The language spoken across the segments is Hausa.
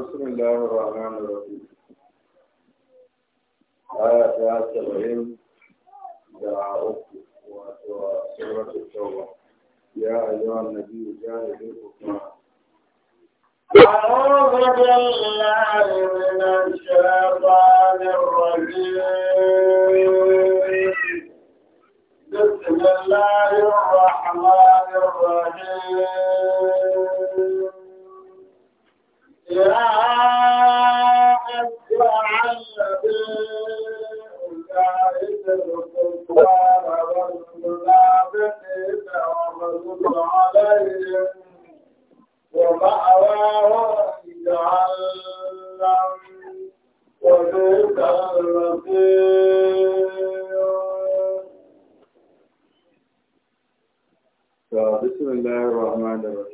بسم الله الرحمن الرحيم آية سبعين دعاء وسورة التوبة يا أيها النبي جاهد الكفار أعوذ بالله من الشيطان الرجيم بسم الله الرحمن الرحيم يا أسرع أولئك الكفار والمنافقين وغضب عليهم ومأواهم جهنم وبئس المصير بسم الله الرحمن الرحيم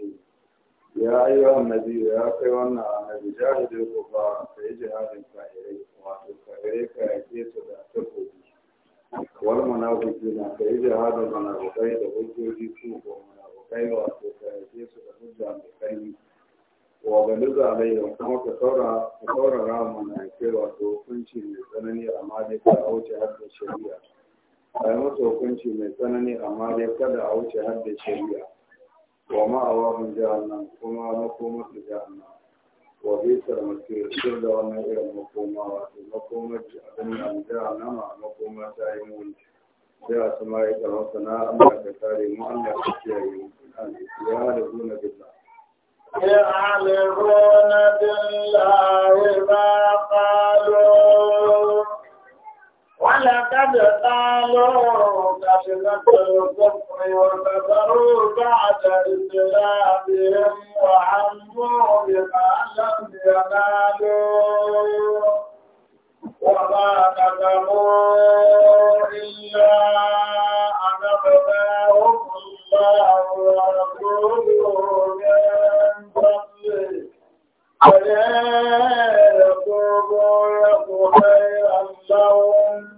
ya ayyuha annabi ya kai wannan annabi jahidul kufara kai jihadin kafirai wato kafirai ka yake su da takobi wal munafiqina kai jihadul munafiqai da hujjoji su ko munafiqai wato ka yake su da hujja mai kai wa galiza alaihim kuma ka saurara ka saurara munafiqai wato hukunci mai tsanani amma dai ka wuce haddin shari'a a yi musu hukunci mai tsanani amma dai kada a wuce haddin shari'a wa ma'awahun jahannam kuma makoma su jahannam wa bisar masu da wannan irin makoma wato makoma abin da jahannama makoma ta yi muni sai a su ma yi tsaron sana da ka tare mu an da ka kiyaye ya da zuna bisa يعلمون بالله ما قالوا لقد قالوا كلمة الكفر وكفروا بعد إسلامهم وعموا بما لم ينالوا وما كتبوا إلا أن أغناهم الله ورسوله من فضله فلا يا خير خيرا لهم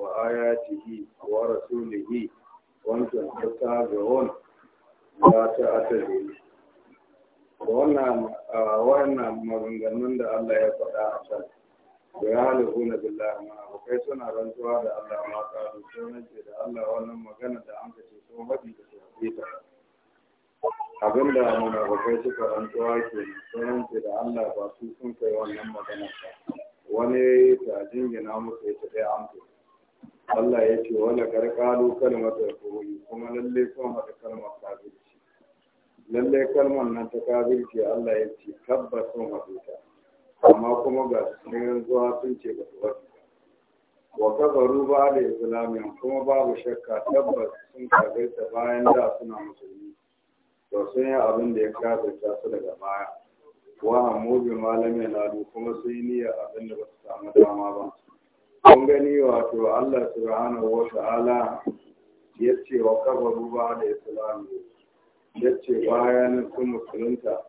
وآياته ورسوله وانتم تتابعون لا تعتدلوا wannan maganganun da Allah ya faɗa a can da ya halifu na billahi ma abokai suna rantsuwa da Allah ma ƙaru sun ce da Allah wannan magana da an sun haɗi da su haɗe muna abokai suka rantsuwa ke sun ce da Allah ba su sun kai wannan magana ba wani ta jingina musu ita dai an kai Allah ya ce wala karkalu kalmatar kuri kuma lalle kuma haɗa kalmar kafirci lalle kalmar nan ta kabirci Allah ya ce tabbas sun haɗu ta amma kuma ga zuwa sun ce ba su wa kabaru ba da islamiyan kuma babu shakka tabbas sun ta bayan da suna musulmi to sun yi abin da ya kafirta su daga baya wa hamu bi malamin lalu kuma sun yi niyyar abin da ba su samu dama ba kun gani wato Allah subhanahu wa ta'ala ya ce wa kabaru ba da islami ya ce bayan sun musulunta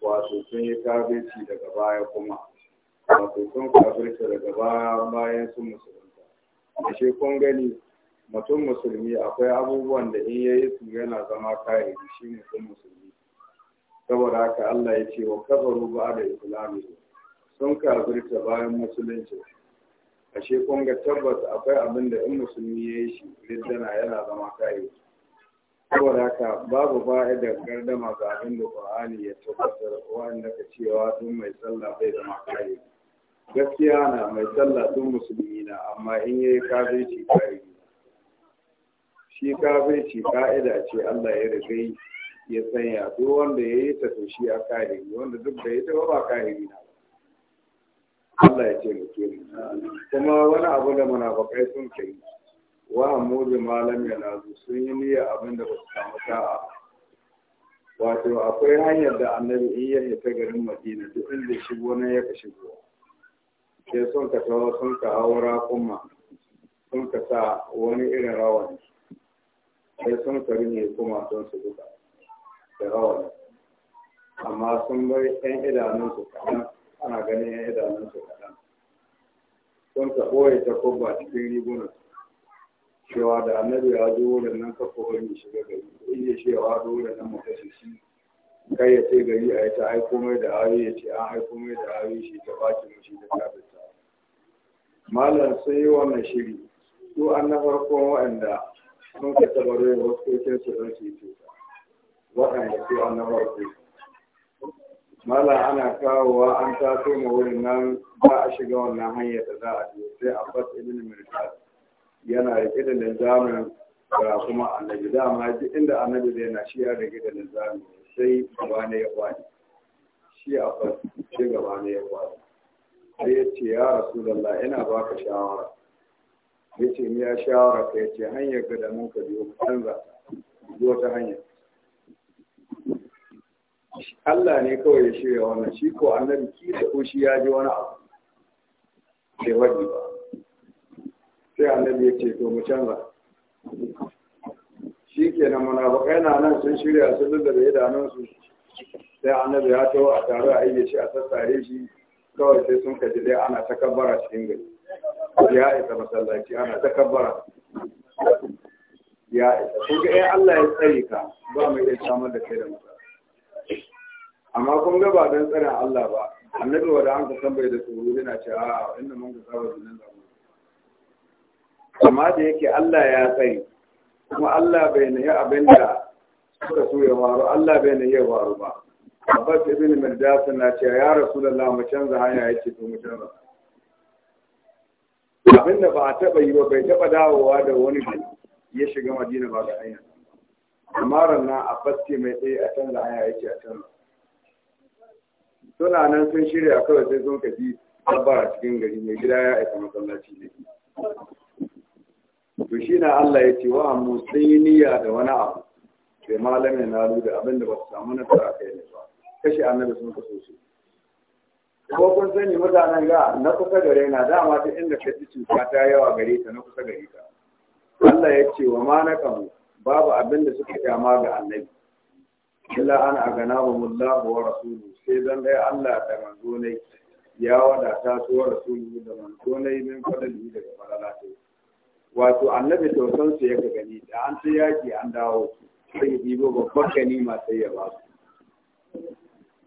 wato sun yi kafirci daga baya kuma wato sun kafirci daga baya bayan sun musulunta shi kun gani mutum musulmi akwai abubuwan da in yayi su yana zama kayan shi mutum musulmi saboda haka Allah ya ce wa kabaru ba da islami sun kafirta bayan musulunci ashe kun ga tabbas akwai abin da in musulmi ya yi shi riddana yana zama kayi saboda haka babu fa'idar gardama ga abin da qur'ani ya tabbatar wanda ka cewa duk mai sallah bai zama kayi gaskiya na mai sallah duk musulmi na amma in yi kafirci kayi shi kafirci ka'ida ce Allah ya riga ya sanya to wanda ya yi ta to shi a kayi wanda duk da ya ta ba kayi na Allah ya mu kuma wani abu da munafakai sun kai wa da malam ya nazu sun yi niyya abinda da ba su samu sa'a wato akwai hanyar da annabi in ya ta garin madina duk inda shigo nan ya ka shigo sai sun ka tawo sun ka kuma sun ka sa wani irin rawani sai sun ka rinye kuma sun su duka da rawani amma sun bai 'yan idanunsu kaɗan ana ganin ya idanun su kaɗan sun ka ɓoye ta kubba cikin riguna cewa da annabi ya zo wurin nan ka ko bari shiga gari in ya ce wa zo wurin nan mu kashe shi kai ya ce gari a yi ta aiko mai da ayoyi ya ce an aiko mai da ayoyi shi ta baki mu shi ta kafirta malam sun yi wannan shiri su an na farko wa'anda sun ka tabarai wasu kokin su don su yi tuta waɗanda su an na farko mala ana kawowa an taso ma wurin nan ba a shiga wannan hanyar da za a je sai abbas ibn mirkat yana rike da linzamin ga kuma annabi ma duk inda annabi zai na shi ya rike da linzamin sai gaba ne ya kwani shi abbas sai gaba ne ya kwani sai ya ce ya rasulullah ina baka shawara ya ce ni ya shawara ka ya ce hanyar ga mun ka biyo ka canza biyo ta hanyar Allah ne kawai ya shirya wannan shi ko annabi ki da ko shi ya ji wani abu ke wadi ba sai annabi ya ce to mu canza shi kenan munafukai na nan sun shirya sun lullube su sai annabi ya taho a taro a yi shi a sassare shi kawai sai sun kaji dai ana ta kabbara cikin gari ya isa masallaci ana ta kabbara ya isa kun ga eh, Allah ya tsare ka ba mu iya samar da kai da masallaci amma kun ga ba don tsarin Allah ba annabi wanda an ka san bai da tsoro yana ce a inda mun ga saba nan zamu amma da yake Allah ya tsaye kuma Allah bai nahi abin da suka so ya waro. Allah bai na ya waro ba Abbas ibn Mirdas na ce ya Rasulullah mu canza hanya yake to mu canza abin da ba a taba yi ba bai taba dawowa da wani ya shiga Madina ba da hanya amma ranar a ce mai tsaye a canza hanya yake a canza suna nan sun shirya kawai sai sun kafi a cikin gari mai gida ya aika masallaci ne to shi na Allah ya ce wa mu sai niyya da wani abu sai malamin na da abin da ba su samu nasara kai ne ba kashe annabi sun kaso su ko kun sani mutanen ga na kusa gare na dama ta inda ka ci cuta ta yawa gare ta na kusa gare ka Allah ya ce wa ma na kamu babu abin da suka kyama ga annabi illa an agana mullahu wa rasuluhu sai don dai Allah da manzo ne ya wada ta wa rasulu da manzo ne min fadali daga falalata wato annabi tausan su yaka gani da an ta yaki an dawo sai dibo babbar ganima sai ya ba su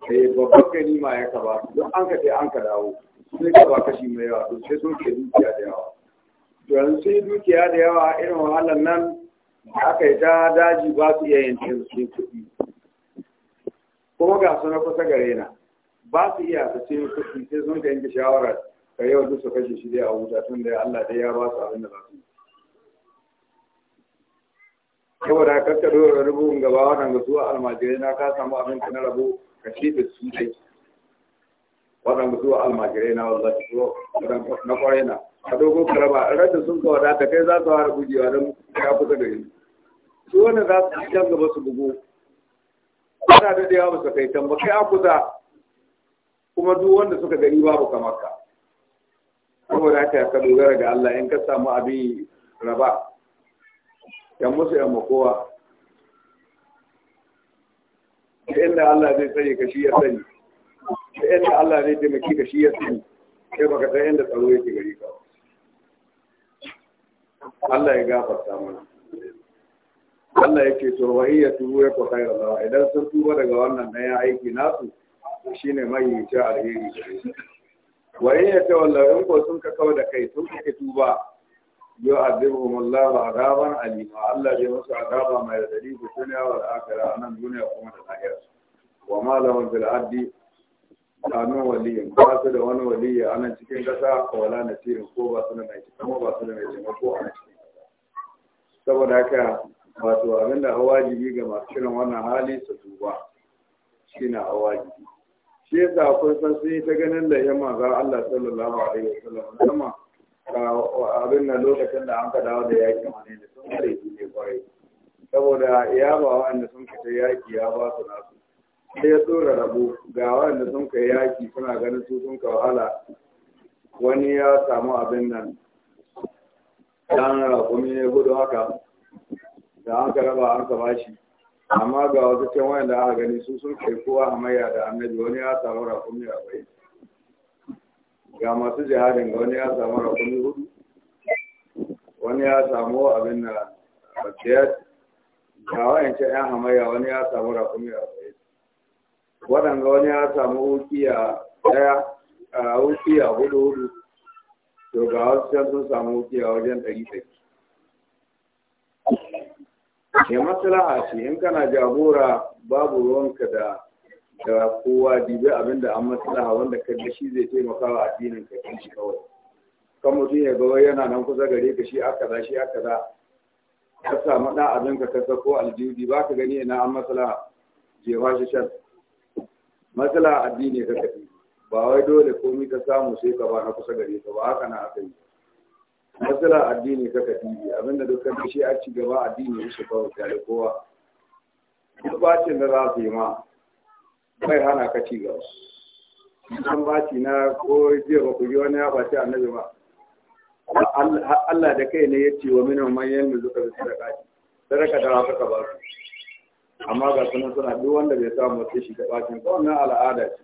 sai babbar ganima ya ka ba su don an ka sai an ka dawo sai ka ba kashi mai yawa to sai soke dukiya da yawa to yanzu sai dukiya da yawa irin wahalar nan aka yi ta daji ba su iya yin cin kuɗi kuma ga suna na kusa gare na ba su iya su ce kuɗi sai sun ka yanke shawara ka yau duk su kashe shi dai a wuta tun da Allah dai ya ba su abin da ba su yi da kakka dora rubun gaba wannan ga zuwa almajirai na ka samu abin ka na rabo ka da su dai wannan ga zuwa almajirai na wallahi ko na kwarai na a dogo karaba rada sun ka ta kai za su fara gujewa don ka kusa gare su wannan za su ci gaba su bugu ana da dayawa ba su kai can kai a kusa kuma duk wanda suka gari babu kamar ka saboda haka ka dogara ga Allah in ka samu abin raba yan musu yan makowa da inda Allah zai sani ka shi ya sani da inda Allah zai taimaki ka shi ya sani sai baka san inda tsaro yake gari ka Allah ya gafarta mana Allah yake to wa iya tubu ya ku khairu lawa idan sun tuba daga wannan na ya aiki na nasu shine mai yace alheri wa iya ta wallahi in ko sun ka kawo da kai sun ka tuba yo azibuhum Allah azaban alima Allah zai musu azaba mai dadi da duniya wal akhirah anan duniya kuma da lahira wa ma lahum bil addi kanu waliyin ba su da wani waliyi a nan cikin kasa wala nasirin ko ba su da mai kuma ba su da mai taimako a cikin kasa saboda haka wato abin da hawajibi ga masu shirin wannan hali su duba shi na hawajibi shi yasa akwai sassi ta ganin da yamma a Allah sallallahu alaihi wasallam musamman abin da lokacin da an ka dawo da yaƙi wani da sun kare su ne kwarai saboda ya ba wa'anda sun fita yaƙi ya ba su nasu sai ya tsora rabo ga wa'anda sun kai yaƙi suna ganin su sun ka wahala wani ya samu abin nan ɗan rakumi ne gudu haka da an raba an ka bashi amma ga wasu can wayan da aka gani su sun kai kowa hamayya da annabi wani ya samu rakumi bai. ga masu jihadin ga wani ya samu rakumi hudu wani ya samu abin na biyar ga wayancan yan hamayya wani ya samu rakumi bai. waɗanda wani ya samu wukiya ɗaya a wukiya hudu hudu to ga wasu can sun samu wukiya wajen ɗari ɗari ya maslaha ce in kana jagora babu ruwanka da da kowa dibi abin da an maslaha wanda ka da shi zai taimaka wa addinin ka kan shi kawai kan mutum ya ga yana nan kusa gare ka shi aka za shi aka za ka samu ɗan abin ka kasa ko aljudi ba ka gani ina an maslaha jefa shi shan maslaha addini ka kafi ba wai dole komai ka samu sai ka ba na kusa gare ka ba haka na aka yi matsala addini kaka tibi abinda dukkan shi a ci gaba addini ya shi kawo tare kowa duk baci da za su yi ma bai hana ka ci gaba an baci na ko jiya ba ku ji wani ya baci annabi ba Allah da kai ne ya ce wa minan manyan da suka da sadaka sadaka da haka ka ba su amma ga sunan suna duk wanda bai samu sai shi ga bacin ba wannan al'ada ce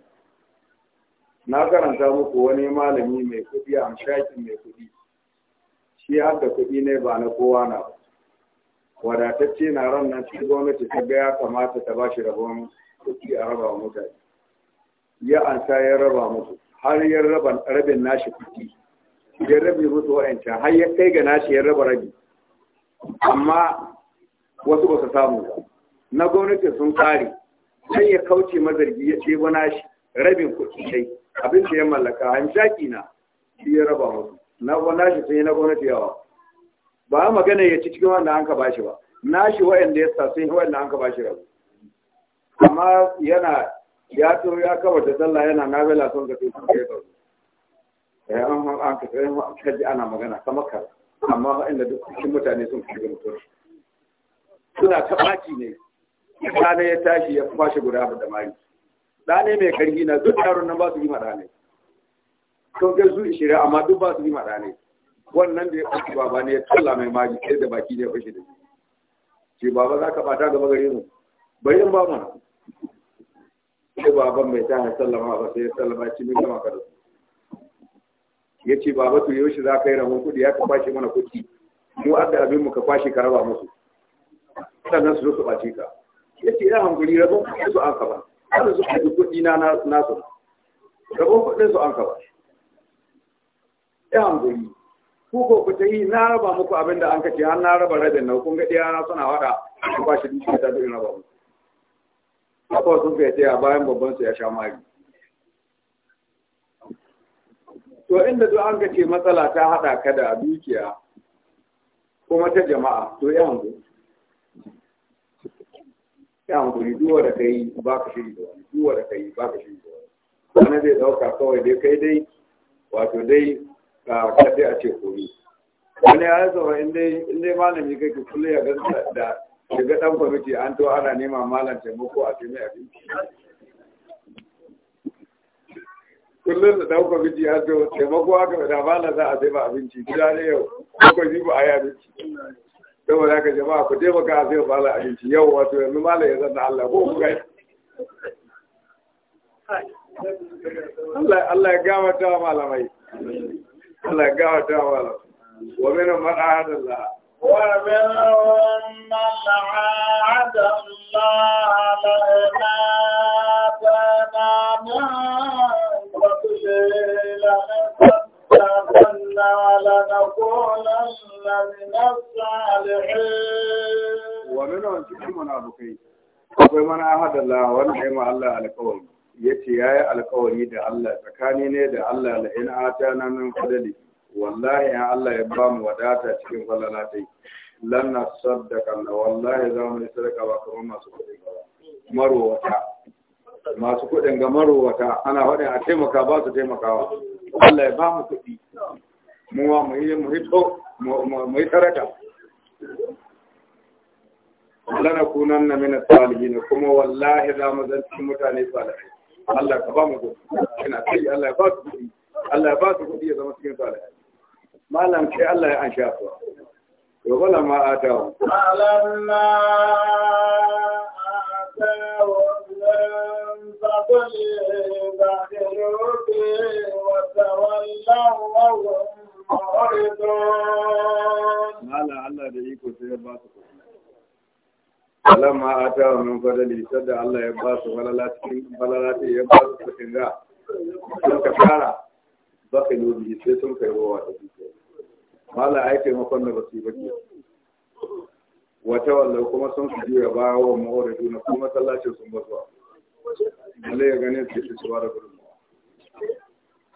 na karanta muku wani malami mai kuɗi amshakin mai kuɗi shi har da kuɗi ne ba na kowa na ba wadatacce na ran nan cikin gwamnati ta ga ya kamata ta bashi rabon kuɗi a raba mutane ya ansa ya raba musu har ya raba rabin nashi kuɗi ya rabi musu wa'ancan har ya kai ga nashi ya raba rabi amma wasu ba su samu ba na gwamnati sun kare sai ya kauce mazargi ya ce ba nashi rabin kuɗi sai abin da ya mallaka hanjaki na shi ya raba musu na nashi sun yi na gwamnati yawa ba magana ya ci cikin wanda an ka bashi ba nashi wayanda ya sa sun yi wanda an ka bashi rabu amma yana ya to ya kawar da sallah yana na bela son ka sun kai sau eh an an ka kai ana magana kamar ka amma inda duk cikin mutane sun kai mutum suna ta ɓaki ne ɗane ya tashi ya kwashe guda da mari ɗane mai karfi na duk yaron nan ba su yi ɗane sun kai su ishirin amma duk ba su yi maɗa ne wannan da ya ɓaci baba ne ya talla mai magi sai da baki ne ya fashe da shi. ce baba za ka ɓata gaba gare mu bari in ba mu ce baban bai ta ya sallama ba sai ya sallama ci min gama ka da su ya ce baba to yaushe za ka yi rahon kuɗi ya ka kwashe mana kuɗi mu adda abin mu ka kwashe ka raba musu sannan su zo su ɓace ka ya ce ina hankuri rabon kuɗin su an ka ba har su kuɗi na nasu rabon kuɗin su an ka ba ya hankuri ku ko ku yi na raba muku abin da an kace har na raba rabin nan kun ga diyana suna wada ku ba shi dukiya ta duk raba mu abuwa sun kai ta bayan babban su ya sha mari to inda duk an kace matsala ta hada ka da dukiya kuma ta jama'a to ya hankuri ya hankuri duwa da yi ba ka shiri da wani duwa da kai ba ka shiri da wani wani zai dauka kawai dai kai dai wato dai kaɗai a ce wani ya zama inda malami kai ka ya ganta da daga ɗan kwamiti an to ana nema malam taimako a taimai abinci kullum da ɗan kwamiti an to taimako da malam za a sai ba abinci gida ne yau kwamiti ba a yi abinci saboda haka jama'a ku taimaka a sai malam abinci yau wato yanzu malam ya zanna Allah ko Allah ya gama ta malamai. Allah ya gawata wa wa min ma ahada Allah wa min man ahada Allah la ilaha illa huwa la تمنى لنكونن من الصالحين ومنهم تكون منافقين ومن أحد الله ونحيم الله على قوله ya ce ya yi alkawari da Allah tsakani ne da Allah da in ata na min fadali wallahi ya Allah ya ba mu wadata cikin falala dai lan na saddaka na wallahi za mu yi sadaka ba kamar masu kuɗin ba marowata masu kuɗin ga marowata ana faɗin a taimaka ba su taimakawa Allah ya ba mu kuɗi mu ma mu yi mu hito mu yi sadaka lana kunan na mina salihin kuma wallahi za mu zanci mutane salihai Allah ka ba mu gobe ina kai Allah ya ba su kuɗi Allah ya ba su kuɗi ya zama cikin salihai malam sai Allah ya ansha su wa wala ma atahu malam ma atahu Mala Allah da iko sai ya ba su kuɗi. alama a ta wa min fadali sadda Allah ya ba su falalati ya ba su cikin ga sun ka fara ba ka yi sai sun kai rowa da dukiya mala ai taimakon da ba su yi ba wata wallau kuma sun fi juya baya wa ma'aure juna kuma masallacin sun ba zuwa lalle ya gane su yi ba da gudunmawa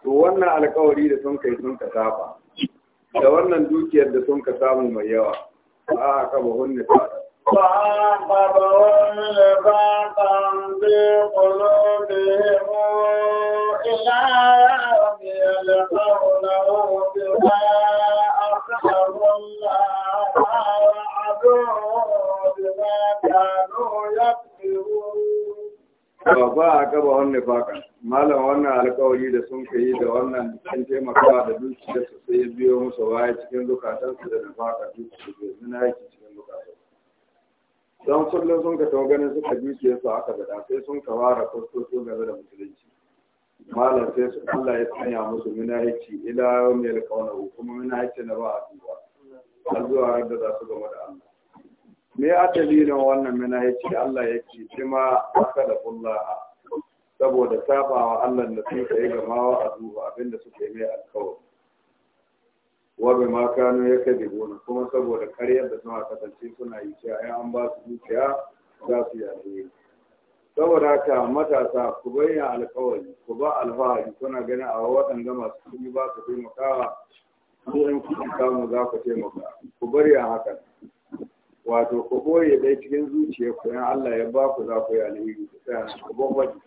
to wannan alkawari da sun ka yi sun ka saba da wannan dukiyar da sun ka samu mai yawa ba a kaba hunne ta فعاقبهم نفاقا في قلوبهم إلى malam wannan alkawari da sun kai da wannan cikin taimakawa da dukiyarsu sai ya biyo musu baya cikin zukatansu da nafaka dukiyarsu zina yake cikin zukatansu don kullum sun ka tawo ganin suka jike su aka gada sai sun ka ware su game da musulunci malam sai su Allah ya sanya musu minahici ila yau mai alƙawarin kuma minahici na ba a duba har zuwa yadda za su gama da Allah me a dalilin wannan minahici Allah ya ce jima aka da kullaha saboda wa Allah da sun ka yi gamawa a duba abinda suka yi mai alkawar wa bai ma kano ya gona kuma saboda ƙaryar da suna kasance suna yi cewa ai an ba su dukiya za su yi saboda haka matasa ku bayyana alkawari ku ba alfahari kuna gani a waɗanda masu kuɗi ba su taimakawa ko in kuɗi samu za ku taimaka ku bari a hakan wato ku boye ɗaya cikin zuciyarku in Allah ya ba ku za ku yi alheri ku tsaya ku bambanci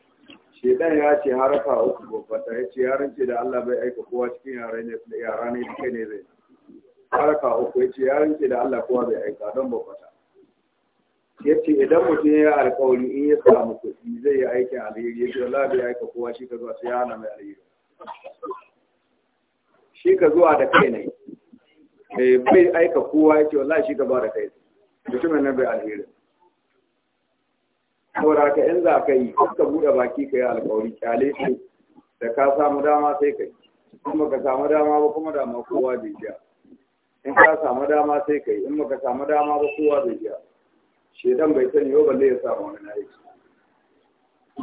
shedan ya ce harafa uku babbata ya ce yaran ce da Allah bai aika kowa cikin yara ne yara ne kai ne zai harafa uku ya ce yaran ce da Allah kowa bai aika don babbata ya ce idan mutum ya yi alkawari in ya samu kuɗi zai yi aikin alheri ya ce Allah bai aika kowa shi ka zuwa sai ya mai alheri shi ka zuwa da kai ne eh, bai aika kowa ya ce wallahi shi ka ba da kai mutumin nan bai alheri saboda ka in za ka yi ka buɗe baki ka yi alƙawari kyale su da ka samu dama sai ka yi in ka samu dama ba kuma dama kowa bai biya in ka samu dama sai ka yi in ka samu dama ba kowa bai biya shedan bai sani ba balle ya samu wani na yi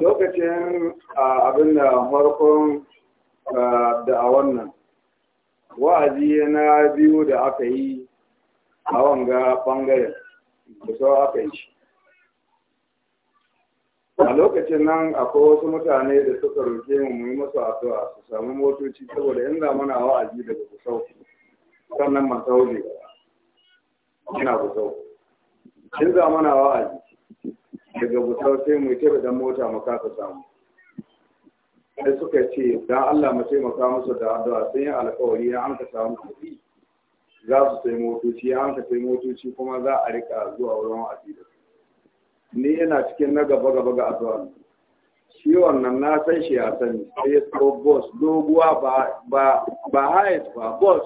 lokacin abin da farkon da a wannan wa'azi na biyu da aka yi a wanga bangaren da sau aka yi shi a lokacin nan akwai wasu mutane da suka roke mu mu yi addu'a su samu motoci saboda in za muna wa'azi daga sau sannan masau ne ina sau in za muna wa'azi daga sau sai mu yi tafi dan mota mu kasa samu sai suka ce dan Allah mu taimaka musu da addu'a sun yi alƙawari ya amsa ka samu kuɗi za su sai motoci ya amsa sai motoci kuma za a rika zuwa wurin wa'azi da su ni ina cikin na gaba gaba ga addu'a shi wannan na san shi ya sani sai ya tsawo boss doguwa ba ba ba hayat ba boss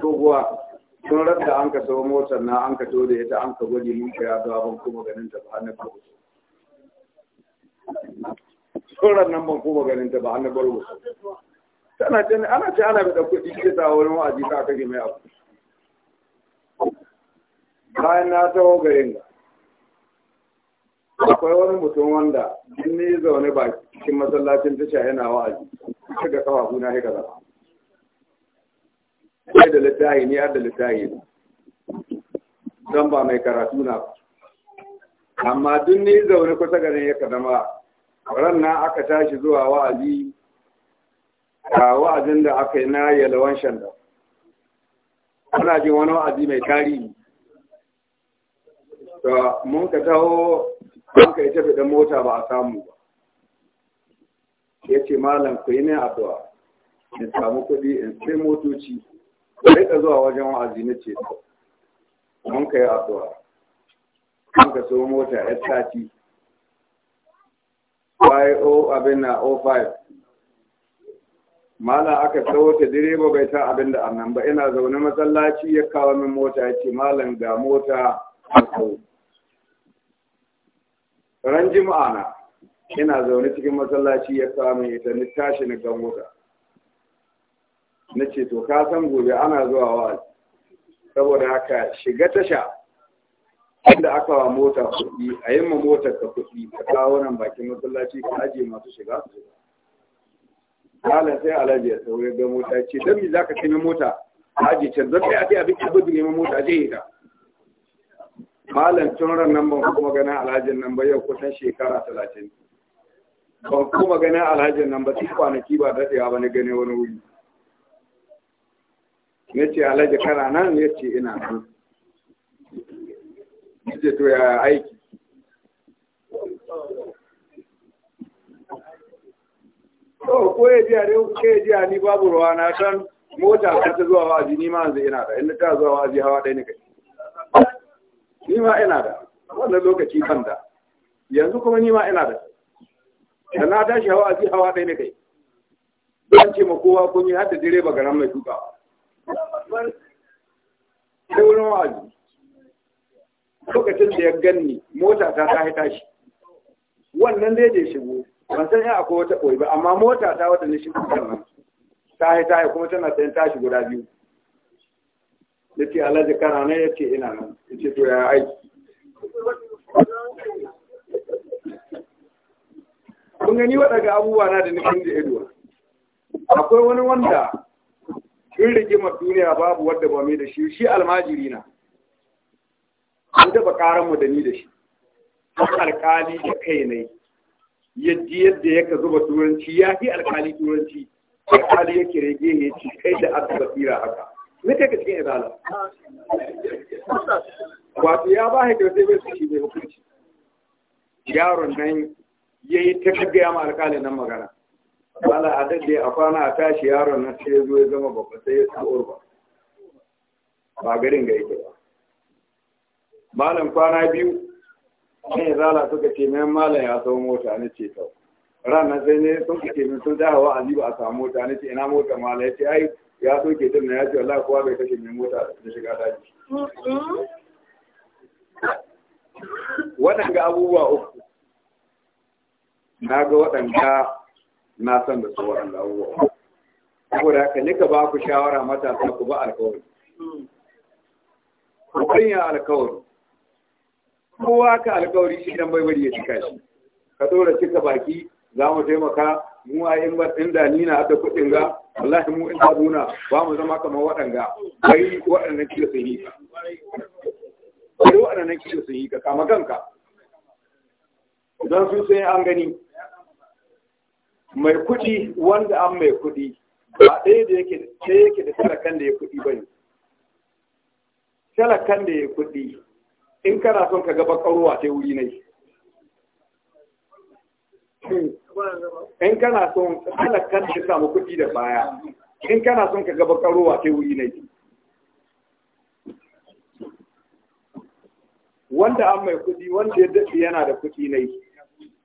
doguwa sun rasa an ka sau motar na an ka da ita an ka gwaji mun ka ya zuwa ban kuma ganin ta ba hannun ka wasu tsoron nan ban kuma ganin ta ba hannun bar wasu tana ce ana ce ana bada da kuɗi ke ta wurin wa'azi ta kage mai abu bayan na ta garin ga akwai wani mutum wanda in zaune ba cikin masallacin tasha yana wa'azi sai ga kafafu na haka zama sai da littahi ne har da littahi ne don ba mai karatu na amma duk ni zaune kusa garin ya kadama ran na aka tashi zuwa wa'azi a wa'azin da aka yi na yalawan shanda ana jin wani wa'azi mai tarihi mun ka taho an kai tafi dan mota ba a samu ba ya ce malam ku yi ne addu'a in samu kuɗi in sai motoci sai ka zuwa wajen wa'azi na ce mun kai addu'a kan ka so mota ya sati yo abin na O o5 malam aka tsawo ta direba bai ta abin da annan ba ina zaune masallaci ya kawo min mota ya ce malam ga mota a tsawo ran jima'a na ina zaune cikin masallaci ya samu ita ni tashi ni ganguta na ce to ka san gobe ana zuwa wa saboda haka shiga tasha inda aka wa mota kuɗi a yi ma motar ka kuɗi ka kawo nan bakin masallaci ka ajiye masu shiga su Malam sai alaji ya saurin ga mota ce don me za ka mota a ajiye can zai a ce abin abin neman mota je ta malam tun nan ban kuma ganin alhajin nan ba yau kusan shekara talatin ban kuma ganin alhajin nan ba sai kwanaki ba daɗewa ba na gane wani wuri na ce alhaji kana nan ya ce ina nan ya ce to ya aiki to ko ya ji a ko ya ji a ni babu ruwa na san mota ta zuwa wa'azi ni ma yanzu ina da in ta zuwa wa'azi hawa ɗaya ne kai ni ma ina da wannan lokaci ban da yanzu kuma ni ma ina da da na tashi hawa a hawa ɗaya ne kai ban ce ma kowa kun yi hadda direba garan mai duka sai wurin wa'azi lokacin da ya ganni mota ta ta tashi wannan dai je shigo ban san ya akwai wata koyi ba amma mota ta wata ne shigo kan nan ta haita kuma tana sayan tashi guda biyu ya ce alhaji kana nan ya ina nan ya to ya aiki kun gani waɗaga abubuwa na da nufin da ido akwai wani wanda in rigimar duniya babu wadda ba mai da shi shi almajiri na an taɓa ƙaran mu da ni da shi alkali da kai ne yadda yadda yaka zuba turanci ya fi alƙali turanci alƙali yake rage ne ci kai da aka basira haka zai ka cikin izala wato ya ba shi kyautai bai su bai hukunci yaron nan ya yi ta gaggaya ma alƙalin nan magana bala a daɗe a kwana a tashi yaron nan sai ya zo ya zama babba sai ya sa urba ba garin ga yake ba malam kwana biyu sai zala suka ce mayan malam ya sau mota na ce tau ranar sai ne sun ka min sun dahawa a ba a samu mota na ce ina mota malam ya ce ai ya soke din na ya ce Allah kowa bai kashe mai mota da shiga daji waɗanga abubuwa uku na ga waɗanda na san da su waɗanda abubuwa saboda haka nika ba ku shawara matasa ku ba alkawari ku ya alkawari kowa ka alkawari shi dan bai bari ya cika shi ka dora cika baki za mu taimaka mu a yin ba inda ni na hada kuɗin ga wallahi mu in kaduna ba mu zama kamar waɗanga kai waɗannan kila sun yi ka bai waɗannan kila sun yi ka kama kanka don su sai an gani mai kuɗi wanda an mai kuɗi ba ɗaya da yake da yake da talakan da ya kuɗi ba ne talakan da ya kuɗi in kana son ka ga bakarwa ta wuri ne in kana son halar kan ka samu kuɗi da baya in kana son ka gaba karowa sai wuri na wanda an mai kuɗi wanda ya daɗe yana da kuɗi na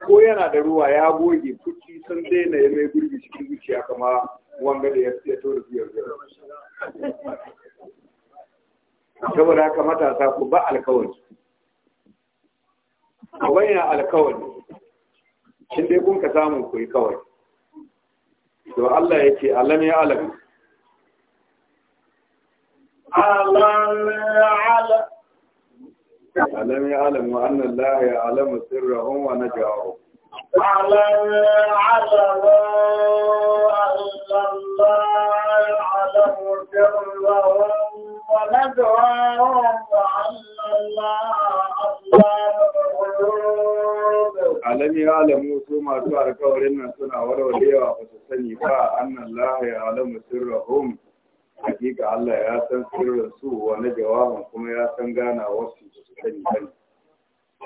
ko yana da ruwa ya goge kuɗi sun daina ya mai gurbi cikin zuciya kamar wanga da ya to da biyar biyar saboda haka matasa ku ba alkawari a bayyana alkawari in dai kun ka samu ku yi kawai to Allah ya ce alam ya alam alam ya alam wa anna Allah ya alam sirrahum wa najahum alam ya alam Allah ya alam sirrahum ونجواهم وعلى الله أصلاح الغيوب alam ya alamu su masu alkawarin nan suna warwarewa ba su sani ba annan lahi alamu sirrahum hakika Allah ya san sirrin su wani jawabin kuma ya san gana wasu ba su sani ba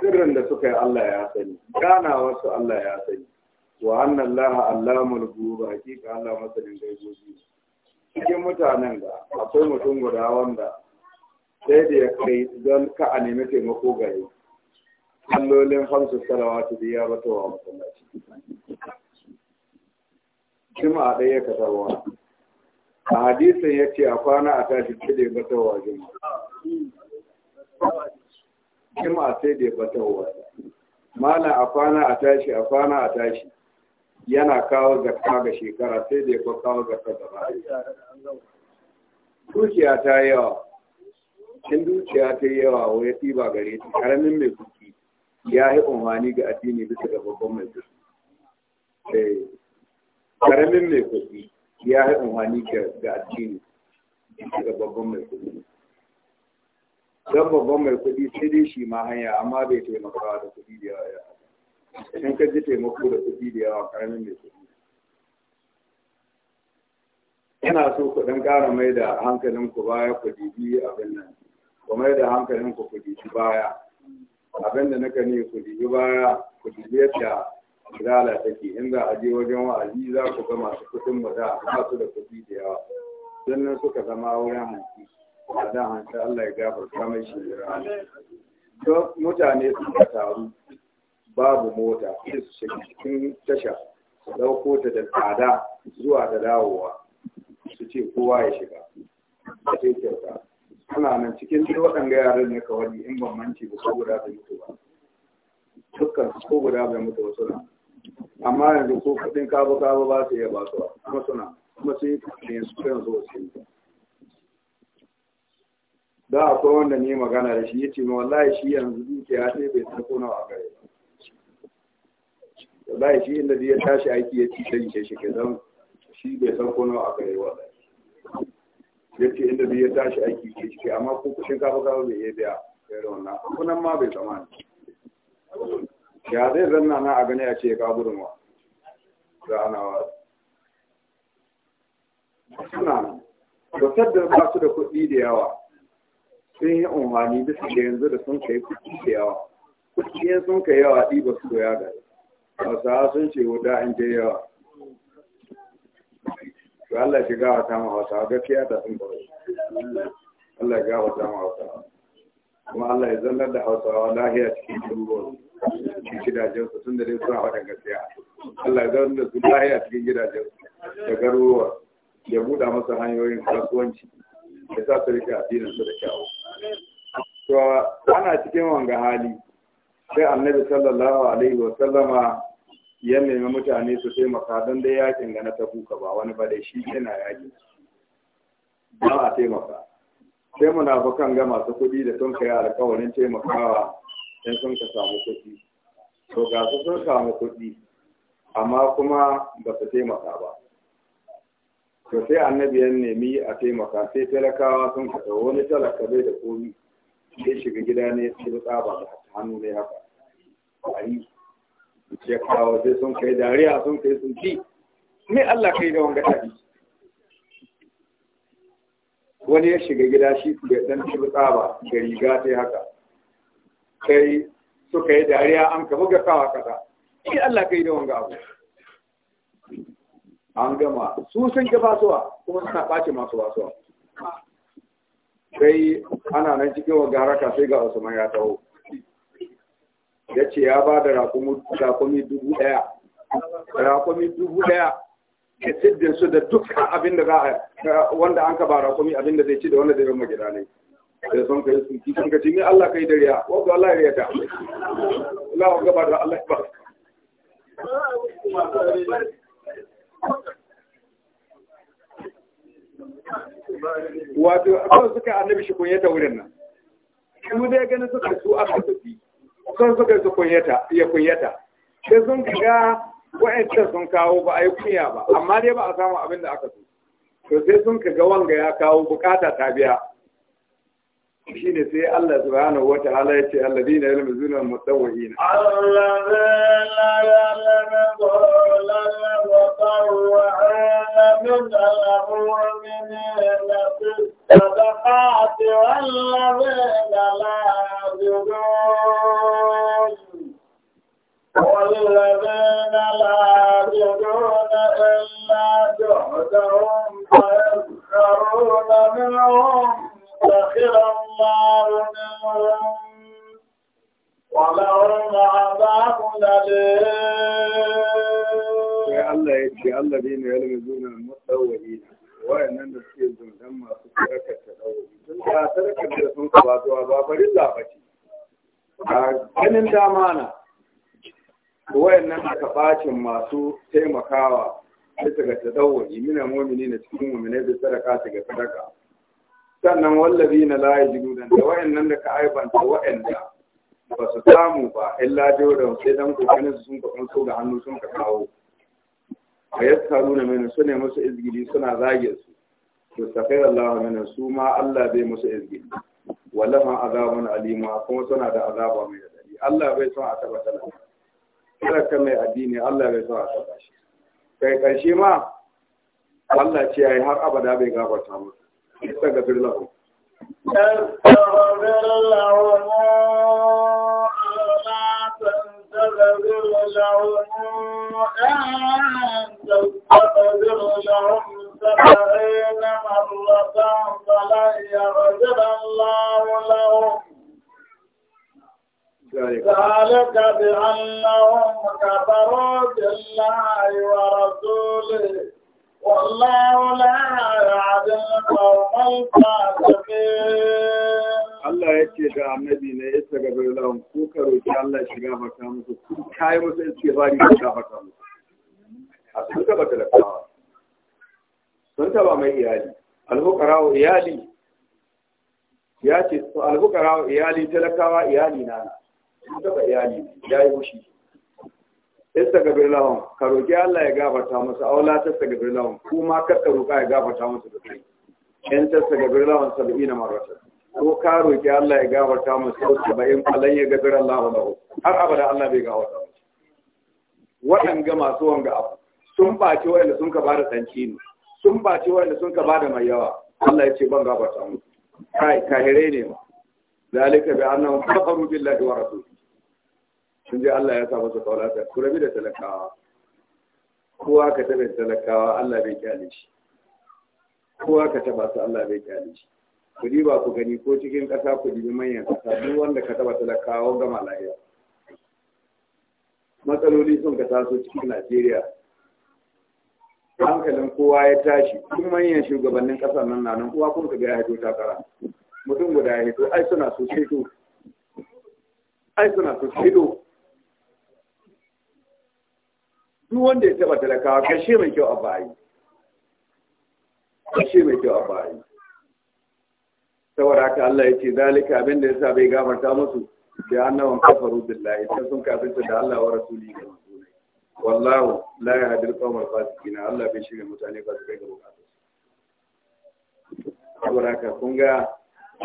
sirrin da suka yi Allah ya sani gana wasu Allah ya sani wa annan laha alamu guru hakika Allah masanin gaibobi cikin mutanen da akwai mutum guda wanda sai da ya kai don ka a nemi taimako gare shi sallolin hamsu salawatu da ya bata wa masallaci juma'a ɗaya ka tarwa a hadisin ya ce a kwana a tashi ce da ya bata wa juma'a juma'a sai da ya bata wa malam a kwana a tashi a kwana a tashi yana kawo zakka ga shekara sai da ya kawo zakka gaba dukiya ta yawa in dukiya ta yawa wa ya ɗiba gare ta ƙaramin mai kuɗi ya yi umarni ga addini bisa ga babban mai kuɗi karamin eh, mai kuɗi ya yi umarni ga addini bisa ga babban mai kuɗi don babban mai kuɗi sai dai shi ma hanya amma bai taimakawa da kuɗi da yawa in ka ji taimako da kuɗi da yawa karamin mai kuɗi ina so ku ɗan ƙara mai da hankalinku baya ku dibi abin nan ku mai da hankalinku ku baya abin da na gani ku dibi baya ku yadda izala take in za a je wajen wa'azi za ku ga masu kuɗin mada a ba su da kuɗi da yawa sannan suka zama wurin hanci ba da hanci Allah ya gafarta mai shi jira to mutane ka taru babu mota sai su shiga cikin tasha su ɗauko ta da tsada zuwa da dawowa su ce kowa ya shiga ba ce kyauta suna nan cikin duk waɗanda yaran ne ka wani in ban manci ba ko guda bai mutu ba dukkan ko guda bai mutu ba suna amma yanzu ko kuɗin kabo kabo ba su iya ba su kuma suna kuma sun yi kuɗin su kan zo su yi da akwai wanda ne magana da shi ya ce ma wallahi shi yanzu dukiya sai bai san ko nawa a ba wallahi shi inda zai tashi aiki ya ci sai shi ke zan shi bai san ko nawa a gare ya ce inda ya tashi aiki ke ciki amma ko kushin kafa kafa bai iya biya ya da wannan kunan ma bai zama ne ya zai zanna na a gani a ce ya kawo wa za a nawa suna da sadda ba su da kuɗi da yawa sun yi da su da yanzu da sun kai kuɗi da yawa kuɗi sun kai yawa ba su da ya gari hausawa sun ce wuta in je yawa to Allah shi gawata ma hausa gaskiya ta sun kawai Allah ya gawata ma hausa kuma Allah ya zannar da hausawa lahiya cikin dubuwar cikin gidajen su tun da dai suna faɗin gaskiya Allah ya zannar da su lahiya cikin gidajen su da garuruwa ya buɗa masa hanyoyin kasuwanci ya sa su rike addinin su da kyawu to ana cikin wanga hali sai annabi sallallahu alaihi wa sallama ya nemi mutane su taimaka don dai yakin ga na tabuka ba wani ba dai shi yana yaki ba a taimaka sai munafukan ga masu kuɗi da sun kai alƙawarin taimakawa dan sun ka samu kuɗi to ga su sun samu kuɗi amma kuma ba su taimaka ba to sai annabi ya nemi a taimaka sai talakawa sun kasa wani talaka bai da komi sai shiga gida ne sai tsaba da hannu ne haka a yi ya kawo sai sun kai dariya sun kai sun ci mai Allah kai da wanga tafi wani ya shiga gida shi ya dan ci tsaba da riga sai haka sai suka yi dariya an ka buga kawa kaza shi Allah kai da wanga abu an gama su sun ki fasuwa kuma suna ɓace masu fasuwa sai ana nan cikin wa garaka sai ga Usman ya taho ya ce ya ba da rakumi dubu ɗaya rakumi dubu ɗaya ya da su da dukkan abin da za a wanda an ka ba rakumi abin da zai ci da wanda zai rama gida ne da son ka yi sun kisan ka ne Allah ka yi dariya wanda Allah ya riya ta Allah ba da Allah ba wato akwai suka annabi shi ta wurin nan kuma zai ganin suka su aka tafi sun suka su kunyata ya kunyata sai sun ga wa'ancan sun kawo ba a yi kunya ba amma dai ba a samu abin da aka so to sai sun ga wanga ya kawo bukata ta biya shi ne sai Allah subhanahu wa ta'ala ya ce alladina yalmizuna al-mutawwi'ina الصدقات والذين لا يجدون والذين لا يجدون إلا جهدهم فيسخرون منهم سخر الله منهم ولهم عذاب أليم. يا الله يا الله دين يلمزون المتسوئين wayannan da suke zundan masu sadakar ta ɗauri tun da sadakar da sun kabatuwa ba bari zaɓaci a ganin dama na wayannan aka bacin masu taimakawa bisa ga tadawwali mina mu'mini na cikin mu'minai da sadaka ta ga sadaka sannan wallabi na layi jinudan da wayannan da ka aibanta wayanda ba su samu ba illa dole sai dan kokarin sun ka so da hannu sun ka kawo wa yaskaruna min sune musu izgili suna zage su to sakayar Allah min su ma Allah bai musu izgili wallahi azabun alima kuma suna da azaba mai dadi Allah bai so a taba talaka talaka mai addini Allah bai so a taba shi kai karshe ma Allah ce ai har abada bai gafarta musu استغفر لهم استغفر لهم تستبذر لهم إن تستبذر لهم سبعين مرة فلن يغفر الله لهم ذلك بأنهم كفروا بالله ورسوله والله لا يعدل قوم الفاسقين Allah ya ce ga annabi na ya ta gabar lawan ko ka roki Allah shi baka musu ku kai musu istighfari ku gafarta musu a sun taba talakawa sun taba mai iyali alfuqara iyali ya ce to alfuqara iyali talakawa iyali na sun taba iyali ya yi mushi istighfar lawan ka roki Allah ya gafarta musu aula ta istighfar lawan kuma ka roka ya gafarta musu da kai Yan ta istighfar lawan 70 marwata ko ka roki Allah ya gafarta mu sau saba'in falan ya gafira Allah lahu har abada Allah bai gafarta mu waɗanga masu wanga abu sun baci wa'anda sun ka bada tsanci ne sun baci wa'anda sun ka bada mai yawa Allah ya ce ban gafarta mu kai kahire ne ma zalika bi annahum kafaru billahi wa rasulihi sun je Allah ya sa musu kaulata ku rabi da talakawa kowa ka taɓa talakawa Allah bai kyale shi kowa ka taɓa su Allah bai kyale shi ku ba ku gani ko cikin ƙasa ku dibi manyan ƙasa duk wanda ka taba talakawa gama lahiya matsaloli sun ka taso cikin najeriya hankalin kowa ya tashi duk manyan shugabannin ƙasar nan na nan kowa kun ka ga ya hito takara mutum guda ya hito ai suna so hito ai suna so hito duk wanda ya taba talakawa kashe mai kyau a bayi kashe mai kyau a bayi saboda haka Allah ya ce zalika abin da yasa bai gafarta musu bi annahum kafaru billahi sai sun kafirta da Allah wa rasuli da rasulai wallahu la yahdi al-qawm al-fasiqin Allah bai shiga mutane ba su kai ga bukatu saboda haka kun ga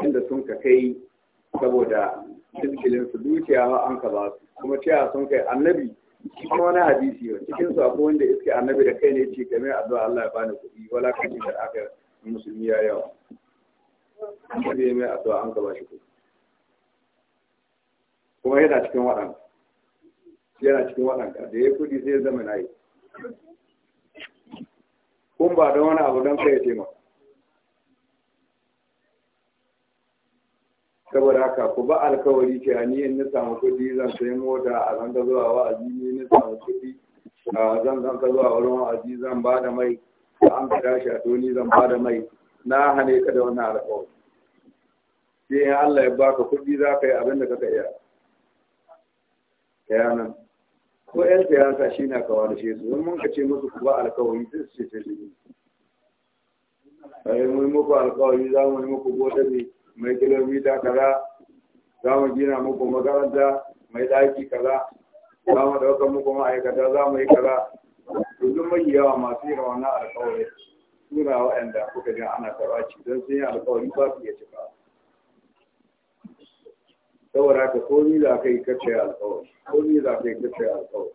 inda sun ka kai saboda cikin su dukiya ma an ka ba su kuma cewa sun kai annabi kuma wani hadisi ne cikin su akwai wanda iske annabi da kai ne ce game addu'a Allah ya bani kuɗi wala kace da aka musulmi ya yawa annabi ya mai addu'a an gaba shi ku kuma yana cikin waɗanda yana cikin waɗanda da ya kudi sai ya zama na yi kun ba don wani abu don kai ya taimaka saboda haka ku ba alkawari ce a ni in na samu kuɗi zan sayi mota a zan ka zuwa wa'azi ni na samu kuɗi a zan zan ka zuwa wurin wa'azi zan ba da mai an ka tashi a toni zan ba da mai na hane ka da wannan alƙawari sai in Allah ya baka kuɗi za ka yi abin da kaka iya kayanan ko yan siyasa shi na kawo da shi su mun ka ce musu ku ba alƙawari sai su ce ta shi sai mun muku alƙawari za mu yi muku ne mai kilomita kaza za mu gina muku makaranta mai ɗaki kaza za mu ɗaukar muku ma'aikata za mu yi kaza duk mai yawa masu yi rawana alƙawari sura waɗanda kuka jan ana karwaci don sun yi alkawari ba su iya cika saboda ka komi za ka yi kace alkawari komi za ka yi kace alkawari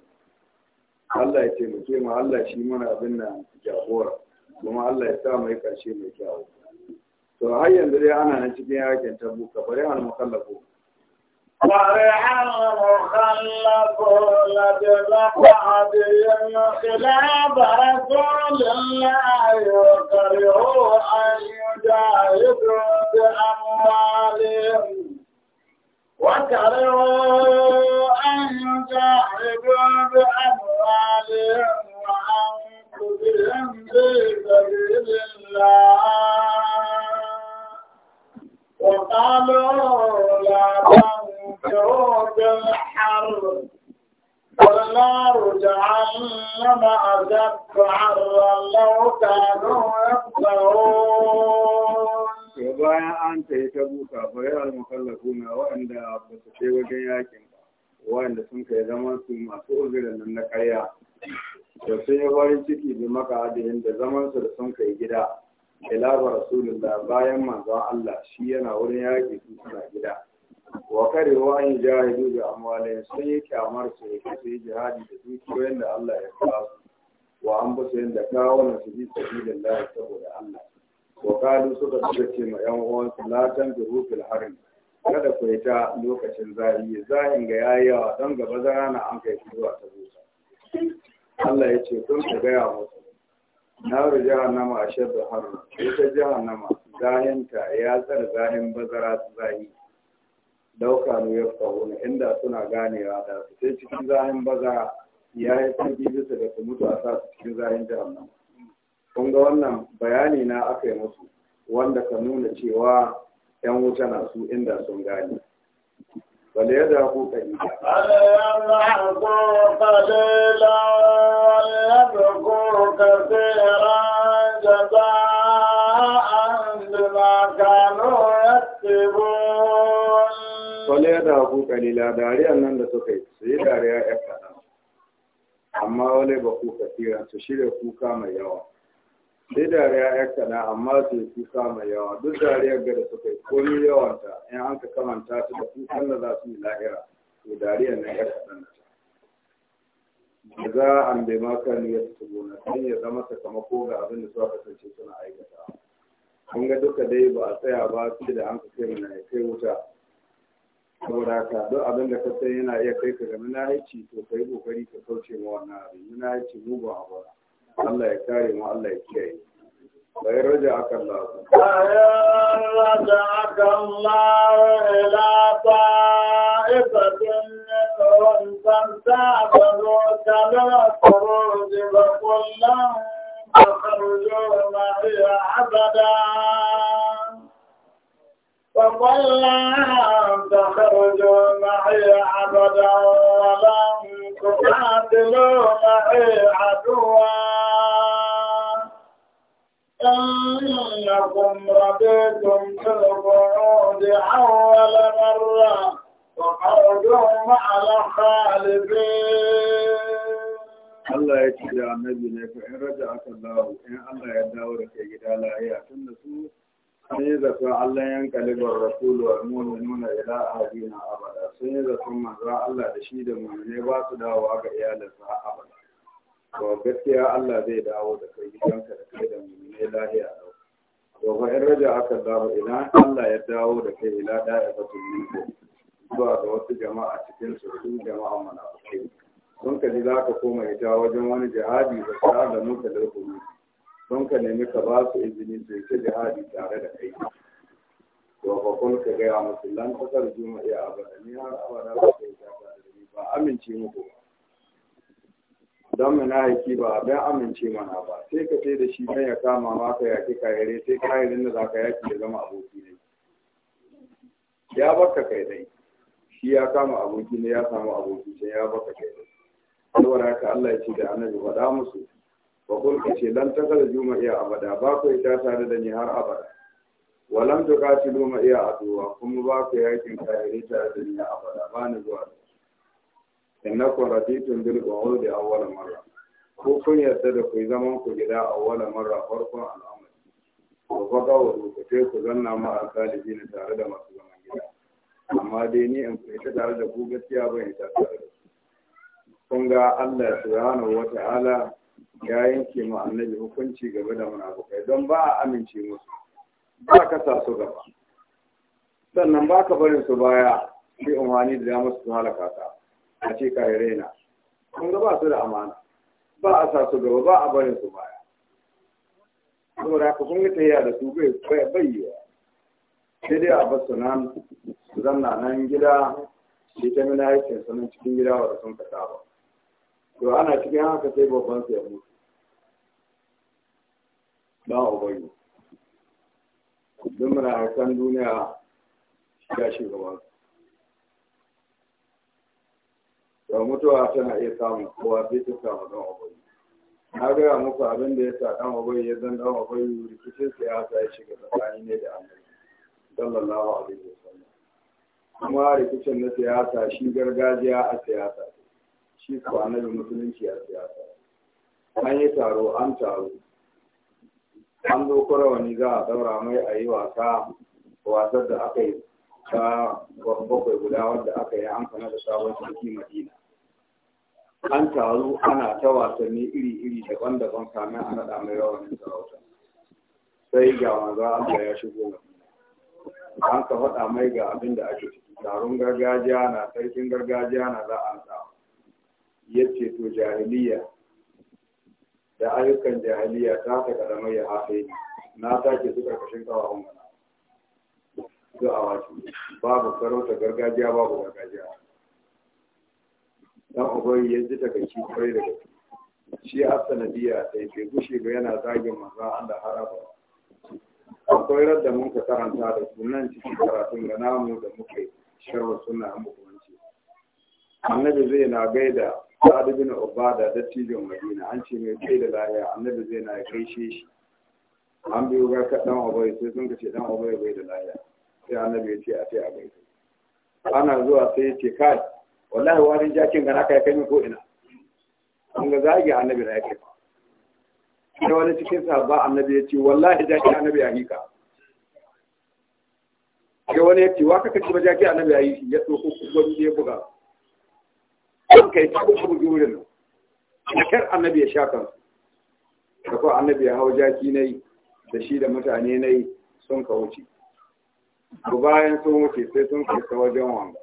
Allah ya ce mu ce ma Allah shi mana abin nan jagora kuma Allah ya sa mai karshe mai kyau to har yanzu dai ana nan cikin yakin tabuka bari al-mukallafu ورعان خلقون بمقعدهم خلاف رسول الله وكرهوا أن يجاهدوا بأموالهم وكرهوا أن يجاهدوا بأموالهم وأنفسهم في سبيل الله وقالوا لا جود الحر والنار جهنم أشد حرا لو كانوا يفقهون bayan an ta yi ta buka bayan al-mukallafuna waɗanda ba su ce wajen yakin ba waɗanda sun kai zaman su masu uzurin nan na karya da sun yi farin ciki bi maka adihin da zaman su da sun kai gida ila rasulullah bayan manzon Allah shi yana wurin yaƙi su suna gida wakari karewa an jahilu da amwalin sun yi kyamar su ya kasu yi jihadi da dukiyoyin da Allah ya kawo wa an basu yadda kawo na su bi da lafi saboda Allah wa suka suka ce ma yan uwansu latan da rufin harin kada ku yi ta lokacin zahiyi zahin ga yayi yawa don gaba zara na an kai zuwa ta busa Allah ya ce kun ka gaya musu na rija nama a shaddu harin ita jihar nama zahinta ya tsara zahin bazara su zahiyi dauka ne ya faru inda suna ganewa da su sai cikin zahin baza ya yi sauki bisa da su mutu a sa su cikin zahin jahannan kun ga wannan bayani na aka yi musu wanda ka nuna cewa yan wuta na su inda sun gane bale ya zaku kari ya da haku kalila dariya nan da suka yi su yi dariya ya kaɗan amma wale ba ku kasira su shirya kuka mai yawa sai dariya ya kaɗan amma su yi kuka mai yawa duk dariyar ga da suka yi komi yawanta in an ka kamanta su da kukan da za su yi lahira to dariyar na ya kaɗan da za a bai maka ne ya su gona sai ya zama sakamako ga abin da suka kasance suna aikata kun ga duka dai ba a tsaya ba sai da an ka kai mana ya kai wuta saboda haka duk abin da ka san yana iya kai ka ga haici to ka yi kokari ka kauce ma wannan abin munahici mugun abu Allah ya kare mu Allah ya kiyaye bayan raja aka Allah bayan raja aka Allah ila da minhum famta'khudhu kama khuruj wa kullam فخرجوا معي عبدا فقل تخرجوا معي عبدا ولن تقاتلوا معي عدوا إنكم رضيتم بالقعود أول مرة فقعدوا مع الخالفين الله ya ce da annabi ne fa in raja'aka Allah in Allah ya dawo da sun yi zaton Allah yan kalibar rasulu wa mu'minuna ila ahadina abada sun yi zaton manzo Allah da shi da mu'mine ba su dawowa ga iyalinsa abada to gaskiya Allah zai dawo da kai gidanka da kai da mu'mine lahiya to fa in raja aka dawo idan Allah ya dawo da kai ila da'ifatul mulk zuwa ga wasu jama'a cikin su sun jama'a munafikai sun kaji za ka koma ita wajen wani jihadi da sa'a da muka dalkulu sun ka nemi ka ba su izini su yi ta jihadi tare da kai to ba kun ka gaya musu lan kasar juma'a abada ni har abada ba ka yi ta ba amince muku ba don mana yaki ba abin amince mana ba sai ka ce da shi don ya kama ma ka yaki kayare sai kayarin da za ka yaƙi ya zama aboki ne ya baka kai dai shi ya kama aboki ne ya samu aboki sai ya baka kai dai saboda haka Allah ya ce da annabi faɗa musu fa kun ka ce lan ta kada juma iya abada ba ku ita tare da ni har abada walam ta kaci luma iya aduwa kuma ba ku yakin kayari tare da ni abada ba ni zuwa innakum raditun bil qu'udi awwal marra ko kun yarda da ku zaman ku gida awwal marra farkon al'amari ko fa ka wudu ku ce ku zanna ma alƙalibi ne tare da masu zaman gida amma dai ni in fita tare da ku gaskiya ban ita tare da kun ga Allah subhanahu wata'ala ya yanke mu annabi hukunci game da munafukai don ba a amince musu ba ka sa su gaba sannan ba ka barin su baya sai umarni da damar su halaka ta a ce ka raina kun ga ba su da amana ba a sa su gaba ba a barin su baya saboda ka kun ga tayya da su bai bayyana sai dai a basu nan su zanna nan gida shi ta mina yake sanin cikin gida wa sun kasa ba to ana cikin haka sai babban su ya mutu ba ubayi duk muna harkan duniya shiga shugaban da mutuwa tana iya samun kowa sai ta samu dan ubayi na gaya muku abin da ya sa dan ubayi ya zan dan ubayi rikicin siyasa ya shiga tsakani ne da annabi sallallahu alaihi wasallam kuma rikicin na siyasa shi gargajiya a siyasa shi ko annabi musulunci a siyasa an yi taro an taro an doko rawani za a daura mai a yi wasa wasar da aka yi ta bakwai guda wanda aka yi an da sabon sarki madina an taru ana ta wasanni iri-iri daban-daban kamin a naɗa mai rawanin sarauta sai ga wanzu Allah ya shigo na an ka faɗa mai ga abin da ake ciki taron gargajiya na sarkin gargajiya na za a ya ce to jahiliya da ayyukan jahiliya ta ta karamai ya hafe na ke take su karkashin kawahun mana a wasu babu sarauta gargajiya babu gargajiya dan ubayi ya ji shi kwarai da gaske shi a sanadiyya sai bai gushe ga yana zagin an da haraba akwai radda mun ka karanta da sunan cikin karatun ga namu da muke shirwa suna muku wanci annabi zai na gaida sa'ad bin ubada da tijon madina an ce mai kai da lahiya annabi zai na kai shi an biyo ga ka dan obai sai sun ce dan obai bai da lahiya sai annabi ya ce a sai a ana zuwa sai ya ce kai wallahi wani jakin gana kai kai ko ina an ga zagi annabi da yake sai wani cikin sahabba annabi ya ce wallahi jakin annabi ya hika sai wani ya ce wa kaka ci ba jakin annabi ya yi ya tsoko gwamnati ya buga an kai ta kuma bujurin kar annabi ya sha kan da kuma annabi ya hau jaki yi da shi da mutane na yi sun ka wuce ko bayan sun wuce sai sun kai ta wajen wanga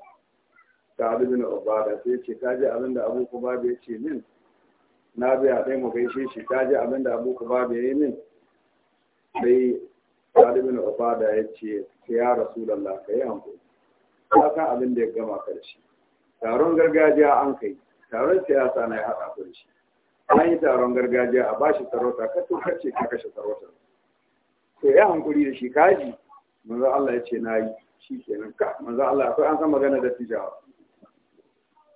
ta bin ubada sai ce ta ji abin da abu kuma bai ce min na biya sai mu gaishe shi ta ji abin da abu kuma bai yi min sai ta bin ya ce ya rasulullah kai hankali ka san abin da ya gama karshe taron gargajiya an kai taron siyasa na ya haɗa ku da shi an yi taron gargajiya a bashi sarauta ka to ce ka kashe sarauta. to ya hankuri da shi kaji manzo Allah ya ce na yi shi kenan ka manzo Allah akwai an san magana da tijawa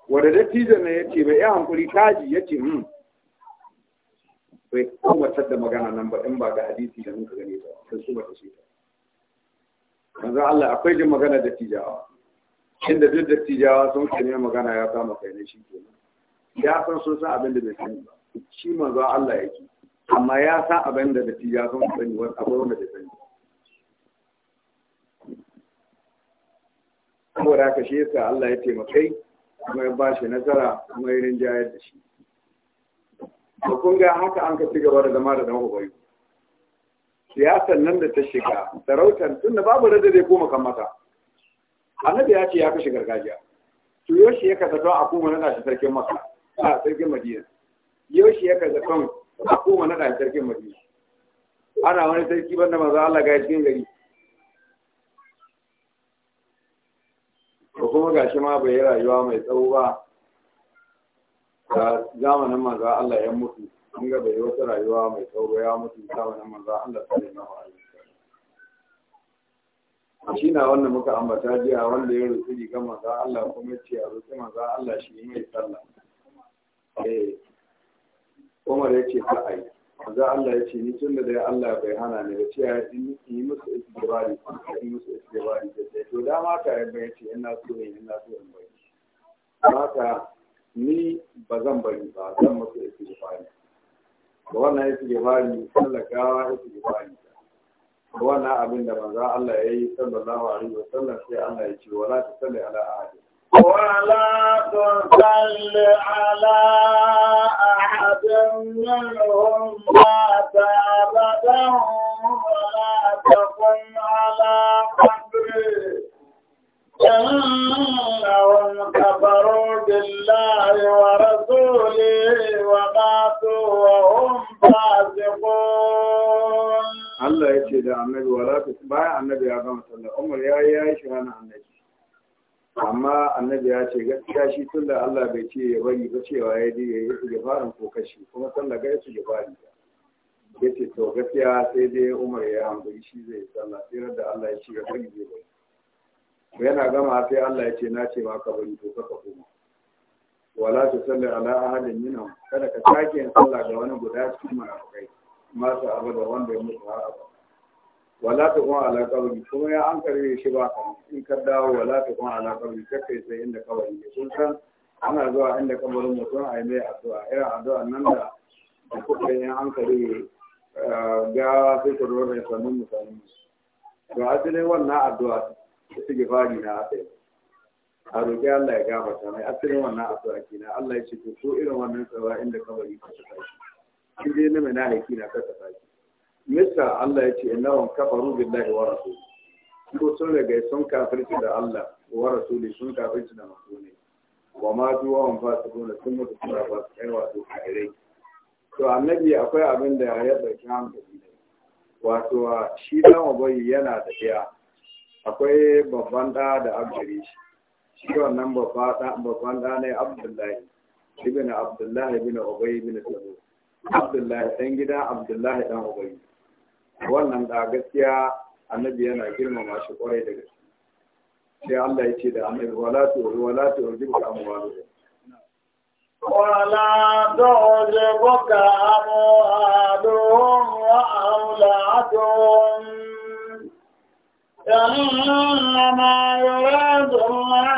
wanda tijan ne ya ce bai ya hankuri kaji ya ce hmm bai kawatar da magana nan ba in ba ga hadisi da muka gani ba sai su ba ta shi ta manzo Allah akwai jin magana da tijawa inda duk dattijawa sun kai magana ya ta maka ne shi kenan ya san sun san abin da bai sani ba shi manzo Allah yake amma ya san abin da tijawa sun sani wani akwai wanda bai sani Kuma da shi shesa Allah ya taimakai kuma ya ba shi nasara kuma ya rinjayar da shi Ba kun ga haka an ka ci gaba da zama da dan ubayu siyasar nan da ta shiga sarautar da babu rada zai koma kan mata annabi ya ce ya kashe gargajiya to yoshi ya kaza don a kuma nada shi sarkin maka a sarkin madina yoshi ya kaza kan a kuma nada shi sarkin madina ana wani sarki banda manzo Allah ga cikin gari ko kuma gashi ma bai rayuwa mai tsawo ba da zamanin manzo Allah ya mutu An ga bai wata rayuwa mai tsawo ya mutu zamanin manzo Allah sallallahu alaihi wasallam shi na wanda muka ambata jiya wanda ya rufe riga maza Allah kuma ce a rufe maza Allah shi mai sallah eh Umar ya ce ta ai maza Allah ya ce ni tun da dai Allah bai hana ni ba ce ya yi musu istibari yi musu istibari da sai to da ma ka yabba ya ce ina so ne ina so in bari haka ni ba zan bari ba zan musu istibari ba wannan istibari sallah gawa istibari wannan abin da manzo Allah ya yi sallallahu alaihi wasallam sai Allah ya ce wala tusalli ala ahad wala tusalli ala ahadin minhum mata abadan wala taqum ala qabri إنهم كفروا wala ورسوله وماتوا وهم فاسقون Allah ya ce da annabi wala ta bayan annabi ya gama sallah Umar ya yi ya yi shi hana annabi amma annabi ya ce gaskiya shi tun da Allah bai ce ya bari ba cewa ya yi ya yi su jafarin ko kashi kuma sallah ga su ba ya ce to gaskiya sai dai Umar ya hankali shi zai sallah tsirar da Allah ya ce ya bari zai bari yana gama sai Allah ya ce na ce ma ka bari to ka koma wala ta salli ala ahadin minhum kada ka sake yin sallah ga wani guda cikin munafikai Masu abada wanda ya mutu har abada wala ta kuma ala kuma ya an karbe shi ba kan in ka dawo wala ta kuma ala kabari kakkai sai inda kawai ne kun san ana zuwa inda kamar mutum a yi mai addu'a irin addu'a nan da kuka yin an karbe eh, gawa sai ku rora ya sanu mutane to cikin wannan addu'a ta sige ni na asali a roƙi Allah ya gafarta mai cikin wannan addu'a na, Allah ya ce ko irin wannan tsawa inda kabari ka shi in dai na mana haiki na kasa tashi mista Allah ya ce innahum kafaru billahi wa rasul ko sun riga sun kafirci da Allah wa rasuli sun kafirci da manzo ne wa ma ba su fasikuna sun mutu suna ba su kai wato kafirai to annabi akwai abin da ya dauki hankali ne wato shi da mabayi yana da ɗaya. akwai babban da da abdiri shi shi wannan babban da ne abdullahi ibn abdullahi ibn ubay ibn salul Abdullahi ɗan gida Abdullahi ɗan Ubayi. Wannan da gaskiya annabi yana girmama shi kwarai da gaske. Sai Allah ya ce da annabi wala to wala tu rubuta amwalu. Wala ka amwaluhum wa إنما يريد الله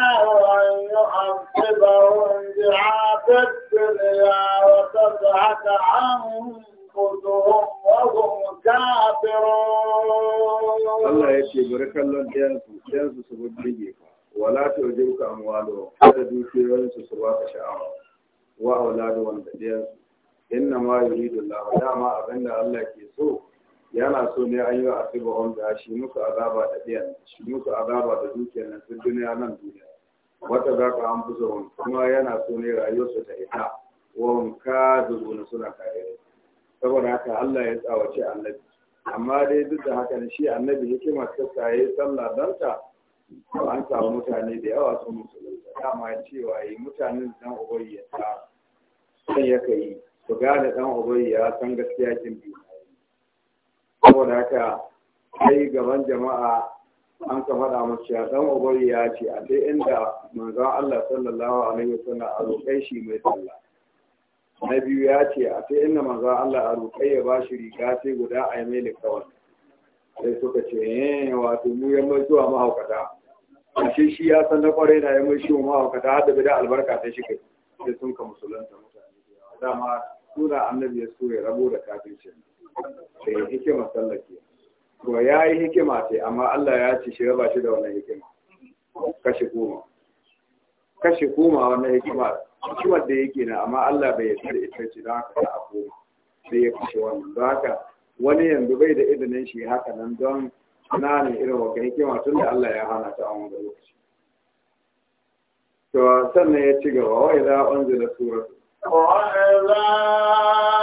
أن يعذبهم بها في الدنيا وتزهق أنفسهم وهم كافرون. الله يشفي بركة الله جنسو جنسو سبب بيجيك ولا تعجبك أموالهم هذا دوشيون سبب شعار وأولادهم جنسو إنما يريد الله دعما أبن الله كيسوه yana so ne an yi wa asibu wanda shi musu azaba da ɗiyan shi musu azaba da dukiyar nan sun duniya nan duniya wata za ka an fusa wani kuma yana so ne rayuwarsu da ita wani ka zuzu suna kare saboda haka Allah ya tsawace annabi amma dai duk da haka shi annabi hikima ya yi sallah danta ta an samu mutane da yawa sun musulunta dama cewa yi mutanen dan ubayya sai ya kai su gane dan ubayya san gaskiya kin biyu saboda haka ai gaban jama'a an ka faɗa masu ya dan ubari ya ce a dai inda manzon Allah sallallahu alaihi wasallam a roƙai shi mai sallah na biyu ya ce a dai inda manzon Allah a roƙai ya ba shi riga sai guda a yi mai likawar sai suka ce eh wato mu yan mai zuwa mahaukata ashe shi shi ya san na kwarai na yan mai shi mahaukata har da bi da albarka ta shi kai sai sun ka musulunta mutane dama sura annabi ya so ya rabo da kafirci shi. da eh, hikima sallah ke ya yi hikima ce amma Allah ya ce shi raba shi da wannan hikima kashi goma kashi goma wani hikima hikimar da yake na amma Allah bai yarda da ita ce don haka ta goma sai ya kashe wannan don haka wani yanzu bai da izinin shi haka nan don tunanin irin wa hikima tun da Allah ya hana ta a wani lokaci to sannan ya ci gaba wa idza unzila suratu wa idza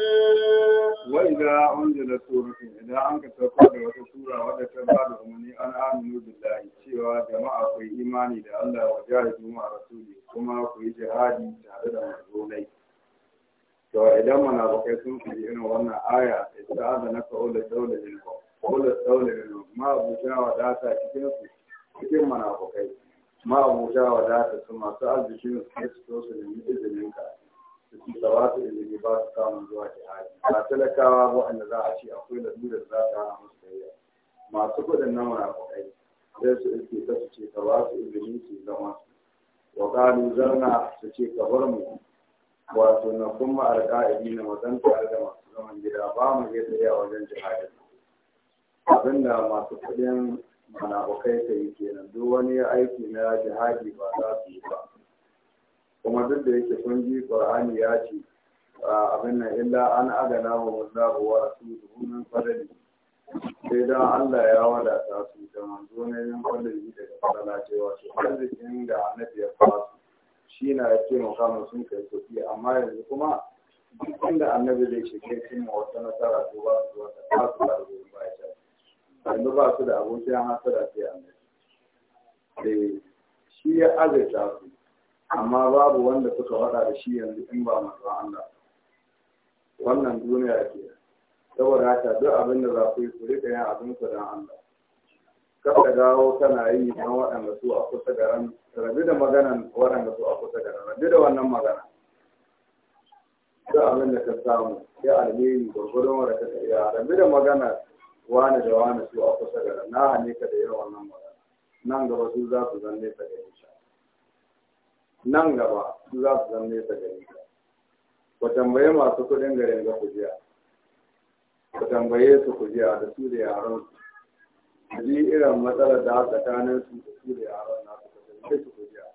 وإذا da سورة إذا idan anka ka sauko da wata sura wadda ta ba da umarni an aminu billahi cewa jama'a ku imani da Allah wa jahidu ma rasuli kuma ku jihadi tare da manzonai to idan munafikai sun fi irin wannan aya ista'adha na qaula dawla lil qaula dawla lil ma abuja wadata cikin su cikin munafikai ma abuja wadata su masu arziki su su da da wasu ilimi ba su samun zuwa jihadi ba talakawa waɗanda za a ce akwai da za ta hana musu tsayiya masu kuɗin na munafukai sai su iske ta su ce ka ba su ilimi su zama wa ƙalu zarna su ce ka bar mu wato na kuma alƙa'idi na mazan tare da masu zaman gida ba mu iya tsaye a wajen jihadi abinda masu kuɗin munafukai ta yi kenan duk wani aiki na jihadi ba za su yi ba kuma duk da yake kun ji qur'ani ya ce ah, abin nan illa an agana wa wallahu wa rasuluhu min fadli sai dan Allah ya wadata su da manzo ne min fadli daga kala cewa su arzikin da annabi ya fara shi na yake mukamin sun kai kuɗi amma yanzu kuma duk inda annabi zai shige sun ma wata nasara to ba su wata ta su ba su ba ya yanzu ba su da abokin hasara sai annabi eh, shi ya azaita su amma babu wanda suka wada da shi yanzu in ba manzon Allah wannan duniya ke saboda haka duk abin da za ku yi ku rika yin abin ku don Allah kada dawo kana yi na waɗanda su a kusa da ran rabi da maganan waɗanda su a kusa da ran rabi da wannan magana duk abin da ka samu ya alheri gurgurun wanda ka tsaya rabi da magana wani da wani su a kusa da ran na ne ka da yawan wannan magana nan gaba su za su zanne ka da insha nan gaba su za su zama nesa gari ku tambaye masu kuɗin garin ga kujiya ku tambaye su kujiya da su da yaron su ji irin matsalar da tsakanin su da su da yaron na su tambaye su kujiya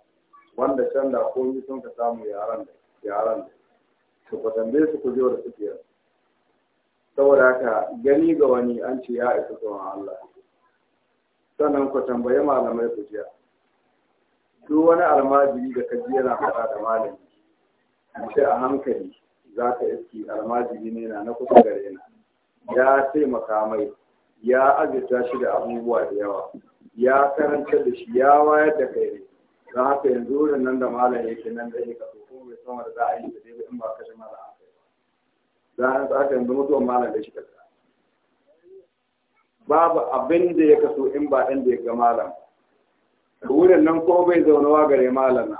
wanda can da komi sun ka samu yaron da yaron da su ku tambaye su kujiya da suke yanzu saboda haka gani ga wani an ce ya isa tsohon Allah sannan ku tambaye malamai kujiya duk wani almajiri da kaji yana faɗa da malami mace a hankali za ka iski almajiri ne na kusa gare na ya taimaka mai ya azirta shi da abubuwa da yawa ya karanta da shi ya wayar da kai ne za ka yanzu wurin nan da malam yake nan da yake kaso kuma bai sama da za a yi da dai in ba kashe malam an kai yi za a ka yanzu mutuwar malam da shi kasa babu abin da ya kaso in ba ɗan da ya ga malam wurin nan ko bai wa gare malama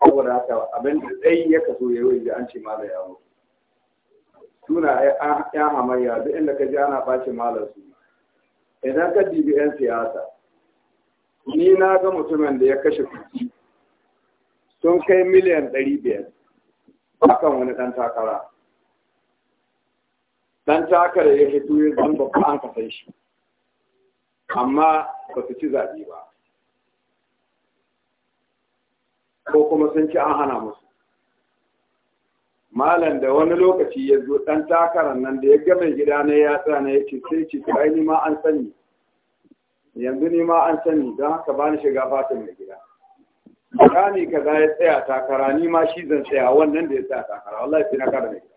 saboda haka abin da yi ya kaso ya yi an ce malam ya mutu suna ya hamayya duk inda ka ji ana bashi malam su idan ka dibi 'yan siyasa ni na ga mutumin da ya kashe kuɗi sun kai miliyan ɗari biyar akan wani ɗan takara ɗan takara ya fito ya zan babba an kasan shi amma ba su ci zaɓe ba ko kuma sun ci an hana musu malam da wani lokaci ya zo ɗan takarar nan da ya ga mai gida na ya tsana ya ce sai ce ai ni ma an sani yanzu ni ma an sani don haka ba ni shiga fatan mai gida rani kaza ya tsaya takara ni ma shi zan tsaya wannan da ya tsaya takara wallahi sai na kada mai gida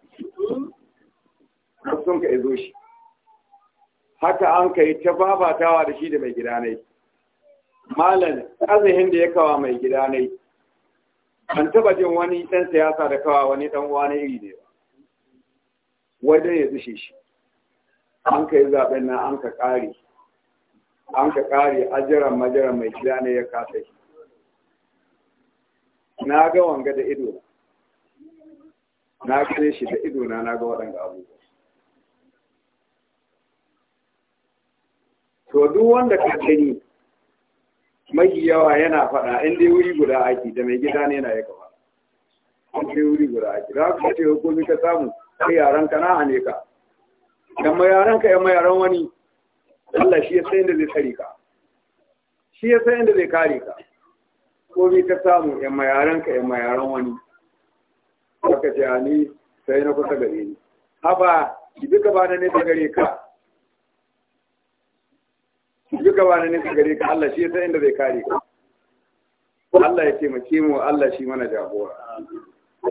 sun ka izo shi haka an kai ta babatawa da shi da mai gida ne malam azihin da ya kawa mai gida ne an taba jin wani ɗan siyasa da kawa wani ɗan wani iri ne ba dai ya zushe shi an ka yi zaɓen na an ka ƙare an ka ƙare ajiran majiran mai gida ne ya kasa shi na ga wanga da ido na kare shi da ido na na ga waɗanda abubuwa to duk wanda ka gani mai yawa yana faɗa in dai wuri guda aiki da mai gida ne na ya ba. in dai wuri guda aiki. za ka ce hukumi ka samu kai yaran ka na hane ka dan mai yaran ka yan mai yaran wani Allah shi ya san inda zai tsare ka shi ya san inda zai kare ka ko bi ka samu yan mai yaran ka yan mai yaran wani ka ce ani sai na kusa gare ni haba ki duka ba da ne ta gare ka gaba na nisa gare ka Allah shi ya inda zai kare ka Allah ya taimake mu Allah shi mana jagora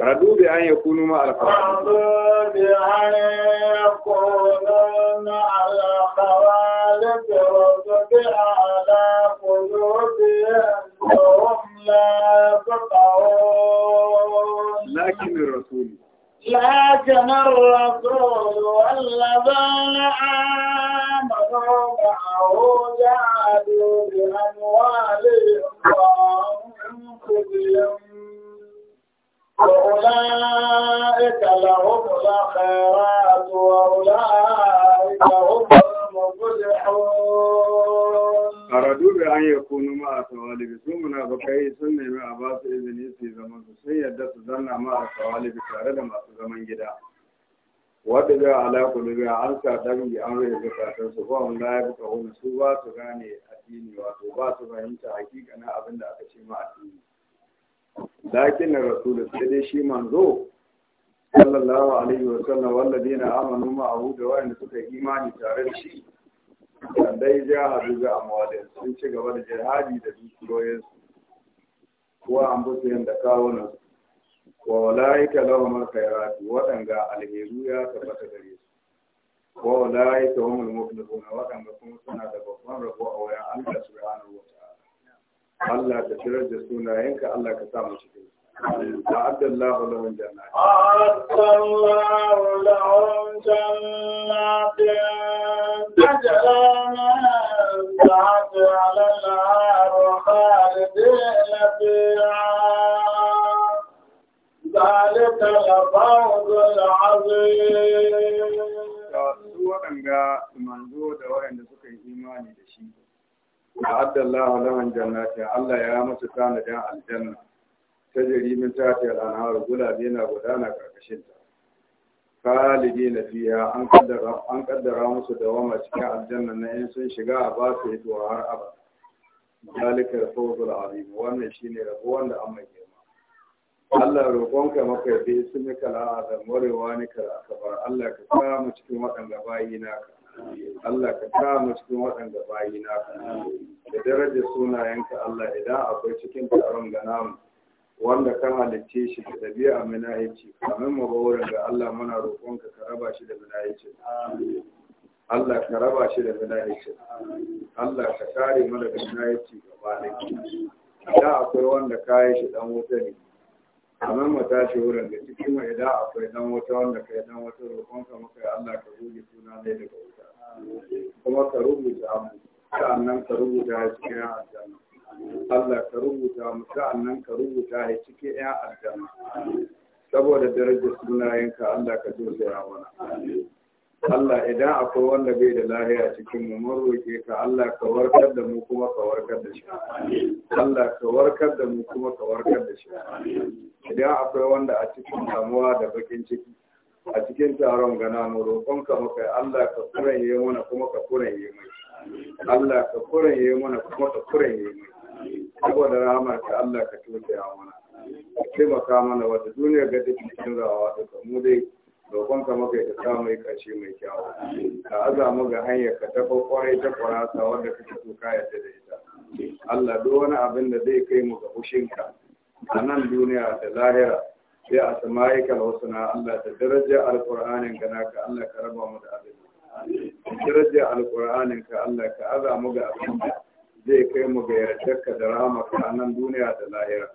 radu bi an yakunu ma al radu bi an yakunu ma al khawalif wa bi ala qulubihim wa hum la yafqahun lakin لكن الرسول والذين آمنوا معه جعلوا بأموالهم وأنفسهم وأولئك لهم الخيرات an yi kunu ma a tawalibi su bakai sun nemi a ba su izini su yi zaman su sun yadda su zanna ma a tawalibi tare da masu zaman gida wadda ga alaƙulu biya an sa dangi an rage bukatar su ba wanda ya buka wani su ba su gane addini wato ba su fahimta hakika na abin da aka ce ma addini lakin na rasulu sai dai shi manzo sallallahu alaihi wa sallam walladina amanu ma'ahu da wayanda suka imani tare da shi dai ja haɗu ga amwadin sun ci gaba da jihadi da dukiyoyin su Kuwa an busayen da kawo su wa walaika lahumul khairatu waɗanga alheru ya tabbata gare su wa wani humul muflihun waɗanga kuma suna da babban rabo a wayan Allah subhanahu wa ta'ala Allah ka shirar da sunayenka Allah ka sa mu cikin su أعد الله لهم جنات أعد الله لهم جنات تجري من تحتها الأنهار خالدين فيها ذلك الفوز العظيم su waɗanda manzo da waɗanda suka yi imani da shi da adda Allah lahan jannati Allah ya musu tanadin aljanna ta jiri min ta ta al'anhar gulabe na gudana karkashin ta kalibi na fiya an kaddara an kaddara musu wama cikin aljanna na in sun shiga a ba su tuwa har abada dalikar fawzul azim wannan shine rabo wanda an mai girma Allah roƙonka maka bi ismika al'azam warewa ni ka kafar Allah ka sa mu cikin waɗanda bayi ka Allah ka sa mu cikin waɗanda bayi ka da darajar sunayenka Allah idan akwai cikin taron ga namu wanda ka halicce shi da ɗabi'a minahici kamin mu wurin ga Allah muna roƙonka ka raba shi da minahici Allah ka raba shi da minahici Allah ka kare mu daga minahici gaba ɗaya da akwai wanda ka yi shi dan wuta ne kamin mu tashi wurin da cikin mu idan akwai dan wuta wanda kai dan wuta roƙonka muka Allah ka goge suna ne daga wuta kuma ka rubuta mu sa'annan ka rubuta shi cikin aljanna Allah ka rubuta mu sa'annan ka rubuta ya cikin ƴan aljanna saboda darajar sunayenka Allah ka ya mana Allah idan akwai wanda bai da lahiya cikin mu mun roke ka Allah ka warkar da mu kuma ka warkar da shi Allah ka warkar da mu kuma ka warkar da shi idan akwai wanda a cikin damuwa da bakin ciki a cikin taron gana mu roƙon ka muka Allah ka kuraye mana kuma ka kuraye mai Allah ka kuraye mana kuma ka kuraye mai saboda rahama ta Allah ka a mana ka taimaka mana wata duniya ga cikin rawa da mu dai roƙon ka maka ta sa mai ƙarshe mai kyau. ka aza ga hanyar ka ta kwarai ta kwarasa wanda kake so ka da ita Allah duk wani abin da zai kai mu ga ka. a nan duniya da lahira sai a ka husna Allah da daraja alqur'anin ka Allah ka raba mu da abin daraja alqur'anin ka Allah ka aza ga abin da zai kai mu ga da rahamarka a nan duniya da lahira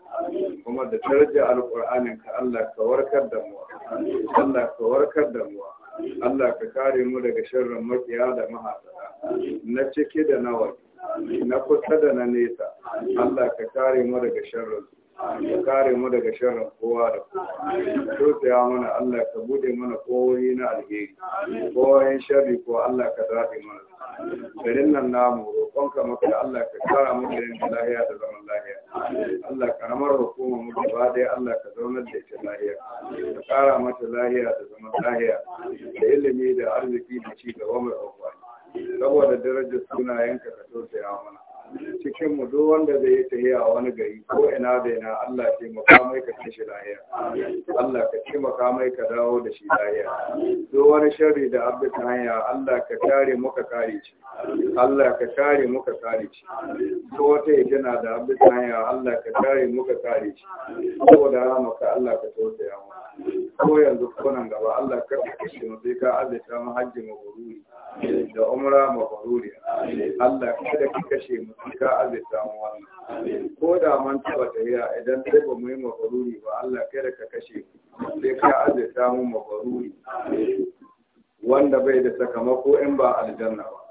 kuma da tarji alƙur'anin ka Allah ka warkar da mu Allah ka warkar da mu Allah ka kare mu daga sharrin makiya da mahasada na cike da nawa na kusa da na nesa Allah ka kare mu daga sharrin ya kare mu daga sharrin kowa da kowa ya mana Allah ka bude mana kowai na alheri kowai sharri ko Allah ka zaɓe mana garin nan namu roƙonka maka da Allah ka kara mu da yin lahiya da zaman lahiya Allah ka ramar hukuma mu gaba ɗaya Allah ka zaunar da ita lahiya ka kara mata lahiya da zaman lahiya da ilimi da arziki da ci gaba mai amfani saboda darajar sunayenka ka tausaya mana cikin mu duk wanda zai yi a wani gari ko ina da ina Allah ya taimaka mai ka kai lahiya Allah ka taimaka mai ka dawo da shi lahiya duk wani sharri da abin hanya Allah ka kare muka kare shi Allah ka kare muka kare shi ko wata yana da abin hanya Allah ka kare muka kare shi Ko saboda ka Allah ka tausaya mu ko yanzu kunan gaba Allah ka kashe mu sai ka azata mu hajji mu gururi da umra mabruri Allah kada ki kashe mu ka azita mu wannan ko da man taba tafiya idan sai ba mu yi mabruri ba Allah kada ka kashe mu sai ka azita mu mabruri wanda bai da sakamako in ba aljanna ba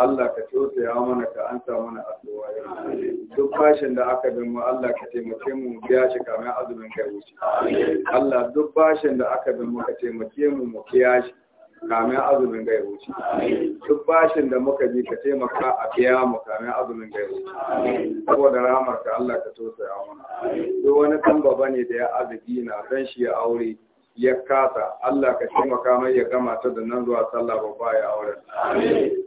Allah ka tausaya mana ka ansa mana addu'a duk bashin da aka bin mu Allah ka taimake mu biya shi kamar azumin kai wuce Allah duk bashin da aka bin mu ka taimake mu mu kiyashi. kamin azumin ga wuce duk bashin da muka ji ka taimaka a biya mu kamin azumin ga wuce saboda ramar ka Allah ka tausaya mana duk wani baba ne da ya azubi na dan shi ya aure ya kasa Allah ka taimaka mai ya gama ta da nan zuwa sallah babba ya aure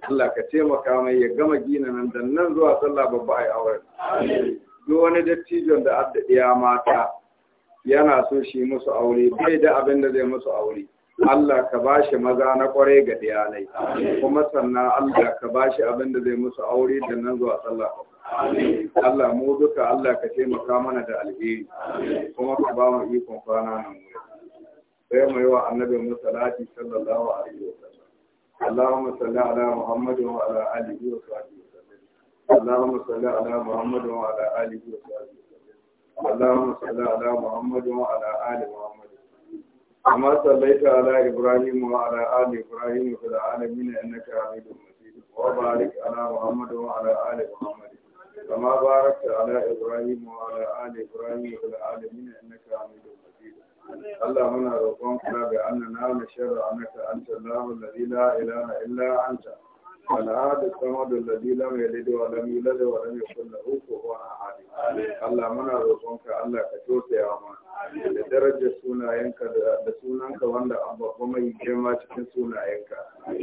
Allah ka taimaka mai ya gama gina nan da nan zuwa sallah babba ya aure duk wani dattijon da addu'a mata yana so shi musu aure bai da abin da zai musu aure Allah ka ba shi maza na kwarai ga diyanai kuma sannan Allah ka ba shi abin da zai musu aure da nan zuwa sallah Allah mu duka Allah ka taimaka mana da alheri kuma ka ba mu ikon kwana nan mu sai mu yi wa annabi musallati sallallahu alaihi wasallam Salli ala على wa ala اله وصحبه وسلم اللهم صل على محمد وعلى اله وصحبه وسلم اللهم صل على محمد وعلى ال محمد كما صليت على إبراهيم وعلى آل إبراهيم في العالمين إنك حميد مجيد وبارك على محمد وعلى آل محمد كما باركت على إبراهيم وعلى آل إبراهيم في العالمين إنك حميد مجيد اللهم نرجوك بأننا نشهد أنك أنت الله الذي لا إله إلا أنت al'adu sama da ladila mai lidi wa lam yulad wa lam yakul lahu kufuwan ahad Allah muna roƙonka Allah ka tausaya mana da darajar sunayenka da sunanka wanda an mai girma cikin sunayenka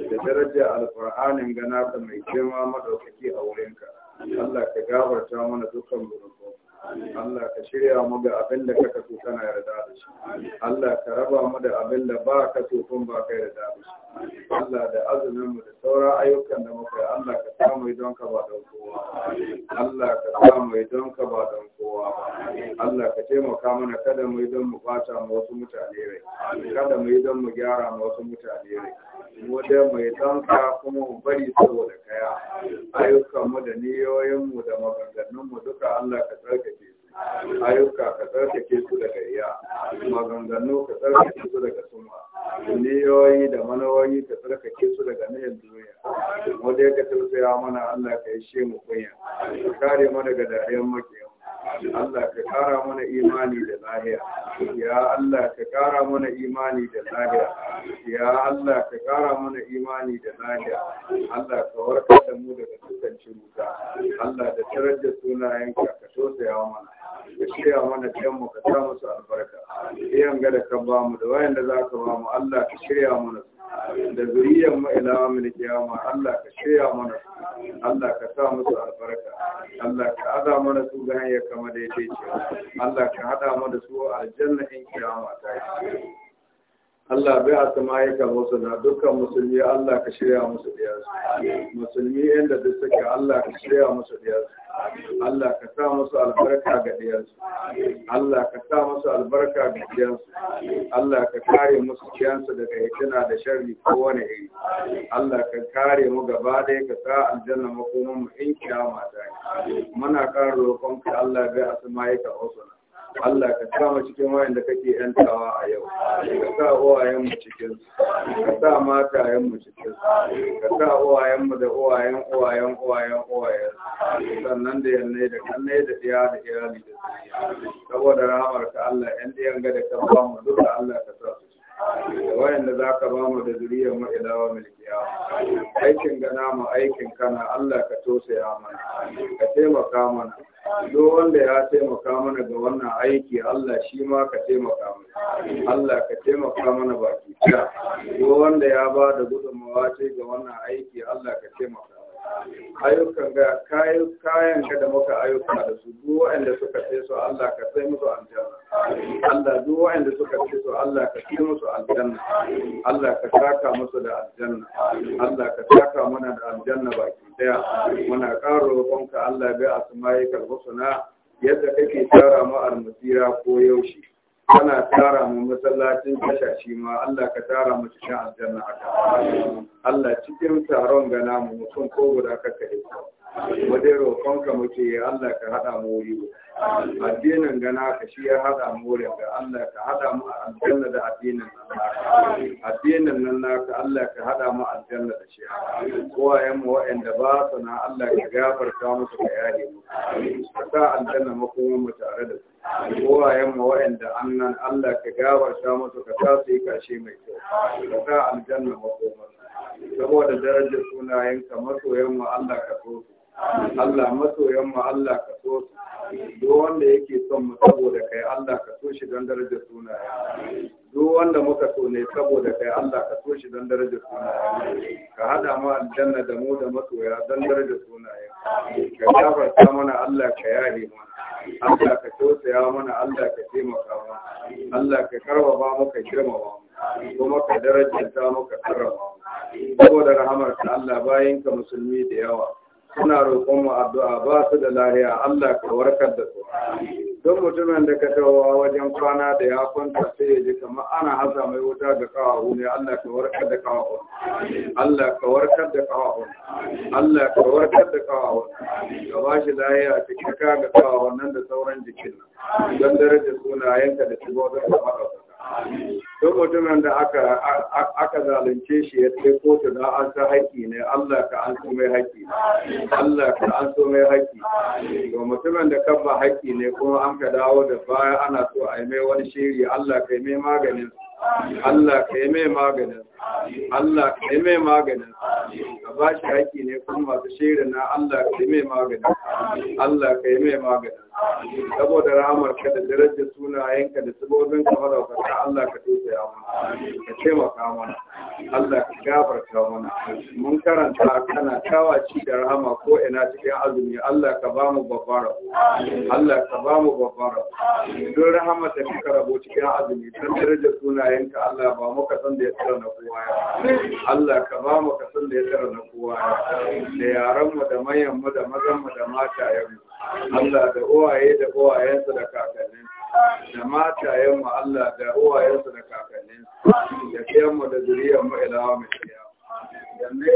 da darajar alƙur'anin gana ka mai girma madaukaki a wurinka Allah ka gafarta mana dukkan zunubanmu Allah ka shirya mu da abin da kaka so kana yarda da shi Allah ka raba mu da abin da ba ka so kun ba ka yarda da shi Allah da azumin mu da saura ayyukan da muka yi Allah ka samu don ka ba don kowa Allah ka samu don ka ba don kowa Allah ka taimaka mana kada mu yi don mu bata mu wasu mutane rai kada mu yi don mu gyara mu wasu mutane rai mu da mai yi don ka kuma mu bari saboda kaya ayyukan mu da niyoyin mu da maganganun mu duka Allah ka tsarkake ayyuka ka tsarkake su daga iya maganganu ka tsarkake su daga suma niyoyi da manawoyi ka tsarkake su daga nihin duniya wanda ya ka tausaya mana Allah ka yi shi mu kunya kare mana daga dariyar makiya Allah ka kara mana imani da lahiya ya Allah ka kara mana imani da lahiya ya Allah ka kara mana imani da lahiya Allah ka warkar da mu daga dukkan ciruta Allah da tarar da sunayenka ka tausaya mana ka shirya mana ɗan mu ka sa musu albarka iyan ga da ka ba mu da wayanda da za ka ba mu Allah ka shirya mana da zuriyar mu kiyama Allah ka shirya mana Allah ka sa musu albarka Allah ka haɗa mana su ga hanyar kama ya ce Allah ka haɗa mana su aljanna in kiyama ta yi Allah bai a kama wasu na dukkan musulmi Allah ka shirya musu diyarsu. Musulmi inda duk suke Allah ka shirya musu diyarsu. Allah ka sa musu albarka ga diyarsu. Allah ka sa musu albarka ga diyarsu. Allah ka kare musu diyansu daga hitina da sharri wani iri. Allah ka kare mu gaba ɗaya ka sa aljanna makomin mu in kiyama ta. Muna ƙara roƙon ka Allah bai a kama wasu na. Allah ka sa mu cikin wayan da kake yantawa a yau ka sa uwayen mu cikin ka sa yan mu cikin ka sa uwayen mu da uwayen uwayen uwayen uwayen sannan da yanne da kanne da iya da iyali da saboda rahmar ka Allah yan diyan ga da ka ba mu duka Allah ka sa su da za ka ba mu da zuriyar mu ilawa milkiya aikin gana ma aikin kana Allah ka tosaya mana ka taimaka mana duk wanda ya taimaka mana ga wannan aiki Allah shi ma ka taimaka mana Allah ka taimaka mana baki duk wanda ya ba da gudunmawa ce ga wannan aiki Allah ka taimaka ayyukan ga kayan ga da muka ayyuka da su duk wanda suka ce su Allah ka sai musu aljanna Allah duk wanda suka ce su Allah ka sai musu aljanna Allah ka saka musu da aljanna Allah ka saka mana da aljanna baki daya muna ƙara roƙonka Allah bai asma'ika husna yadda kake tsara mu almusira ko yaushe kana tara mu masallacin kashashi ma Allah ka tara mu cikin aljanna haka Allah cikin taron gana mu mutum ko guda ka kare mu dai roƙonka muke Allah ka hada mu wuri addinin gana ka shi ya hada mu wuri ga Allah ka hada mu aljanna da addinin addinin nan naka Allah ka hada mu aljanna da shi kowayen mu waɗanda ba su na Allah ka gafarta musu ka yare mu ka sa aljanna makoma mu tare da su mu waɗanda annan Allah ka gawarta musu ka sa su kashe mai kyau ka sa aljanna makoma saboda darajar sunayenka masoyan mu Allah ka so su Allah masoyan mu Allah ka so su duk wanda yake son mu saboda kai Allah ka so shi don darajar sunaye duk wanda muka so ne saboda kai Allah ka so shi don darajar sunaye ka hada mu aljanna da mu da masoya don darajar sunaye ka gafarta mana Allah ka yare mana Allah ka tausaya mana Allah ka taimaka mana Allah ka karbaba maka girmama kuma ka darajanta maka karrama saboda rahamar ka Allah bayan ka musulmi da yawa suna roƙon mu addu'a ba su da lahiya Allah ka warkar da su don mutumin da ka tawowa wajen kwana da ya kwanta sai ya ji kamar ana hasa mai wuta da kawahu ne Allah ka warkar da kawahu Allah ka warkar da kawahu Allah ka warkar da kawahu ka ba shi lahiya ta ka ga kawahu nan da sauran jikin nan don darajar sunayenka da shigo da kawahu Don mutumin da aka zalunce shi ya kai kotu da an sa haƙƙi ne Allah ka an so mai haƙƙi Allah ka an so mai haƙƙi to mutumin da kan ba haƙƙi ne kuma an ka dawo da baya ana so a yi mai wani shiri Allah ka yi mai maganin Allah ka yi mai maganin Allah ka yi mai maganin ka ba shi haƙƙi ne kuma masu shirin na Allah ka yi mai maganin Allah ka yi mai maganin saboda ramar ka da darajar yanka da sabobin ka ta Allah ka tausaya mana ka taimaka mana Allah ka gafarta mana mun karanta kana ci da rahama ko ina cikin azumi Allah ka ba mu babbara Allah ka ba mu babbara don rahama ta kika rabo cikin azumi Don darajar yanka Allah ba mu ka san da ya tsara na kowa ya Allah ka ba mu ka san da ya tsara na kowa ya da yaran mu da mayan mu da mazan mu da mata yau Allah da uwaye da uwayensu da kakannin da matayen mu Allah da uwayensa da kakannin da kiyan mu da zuriyar mu ilawa mai kiyawa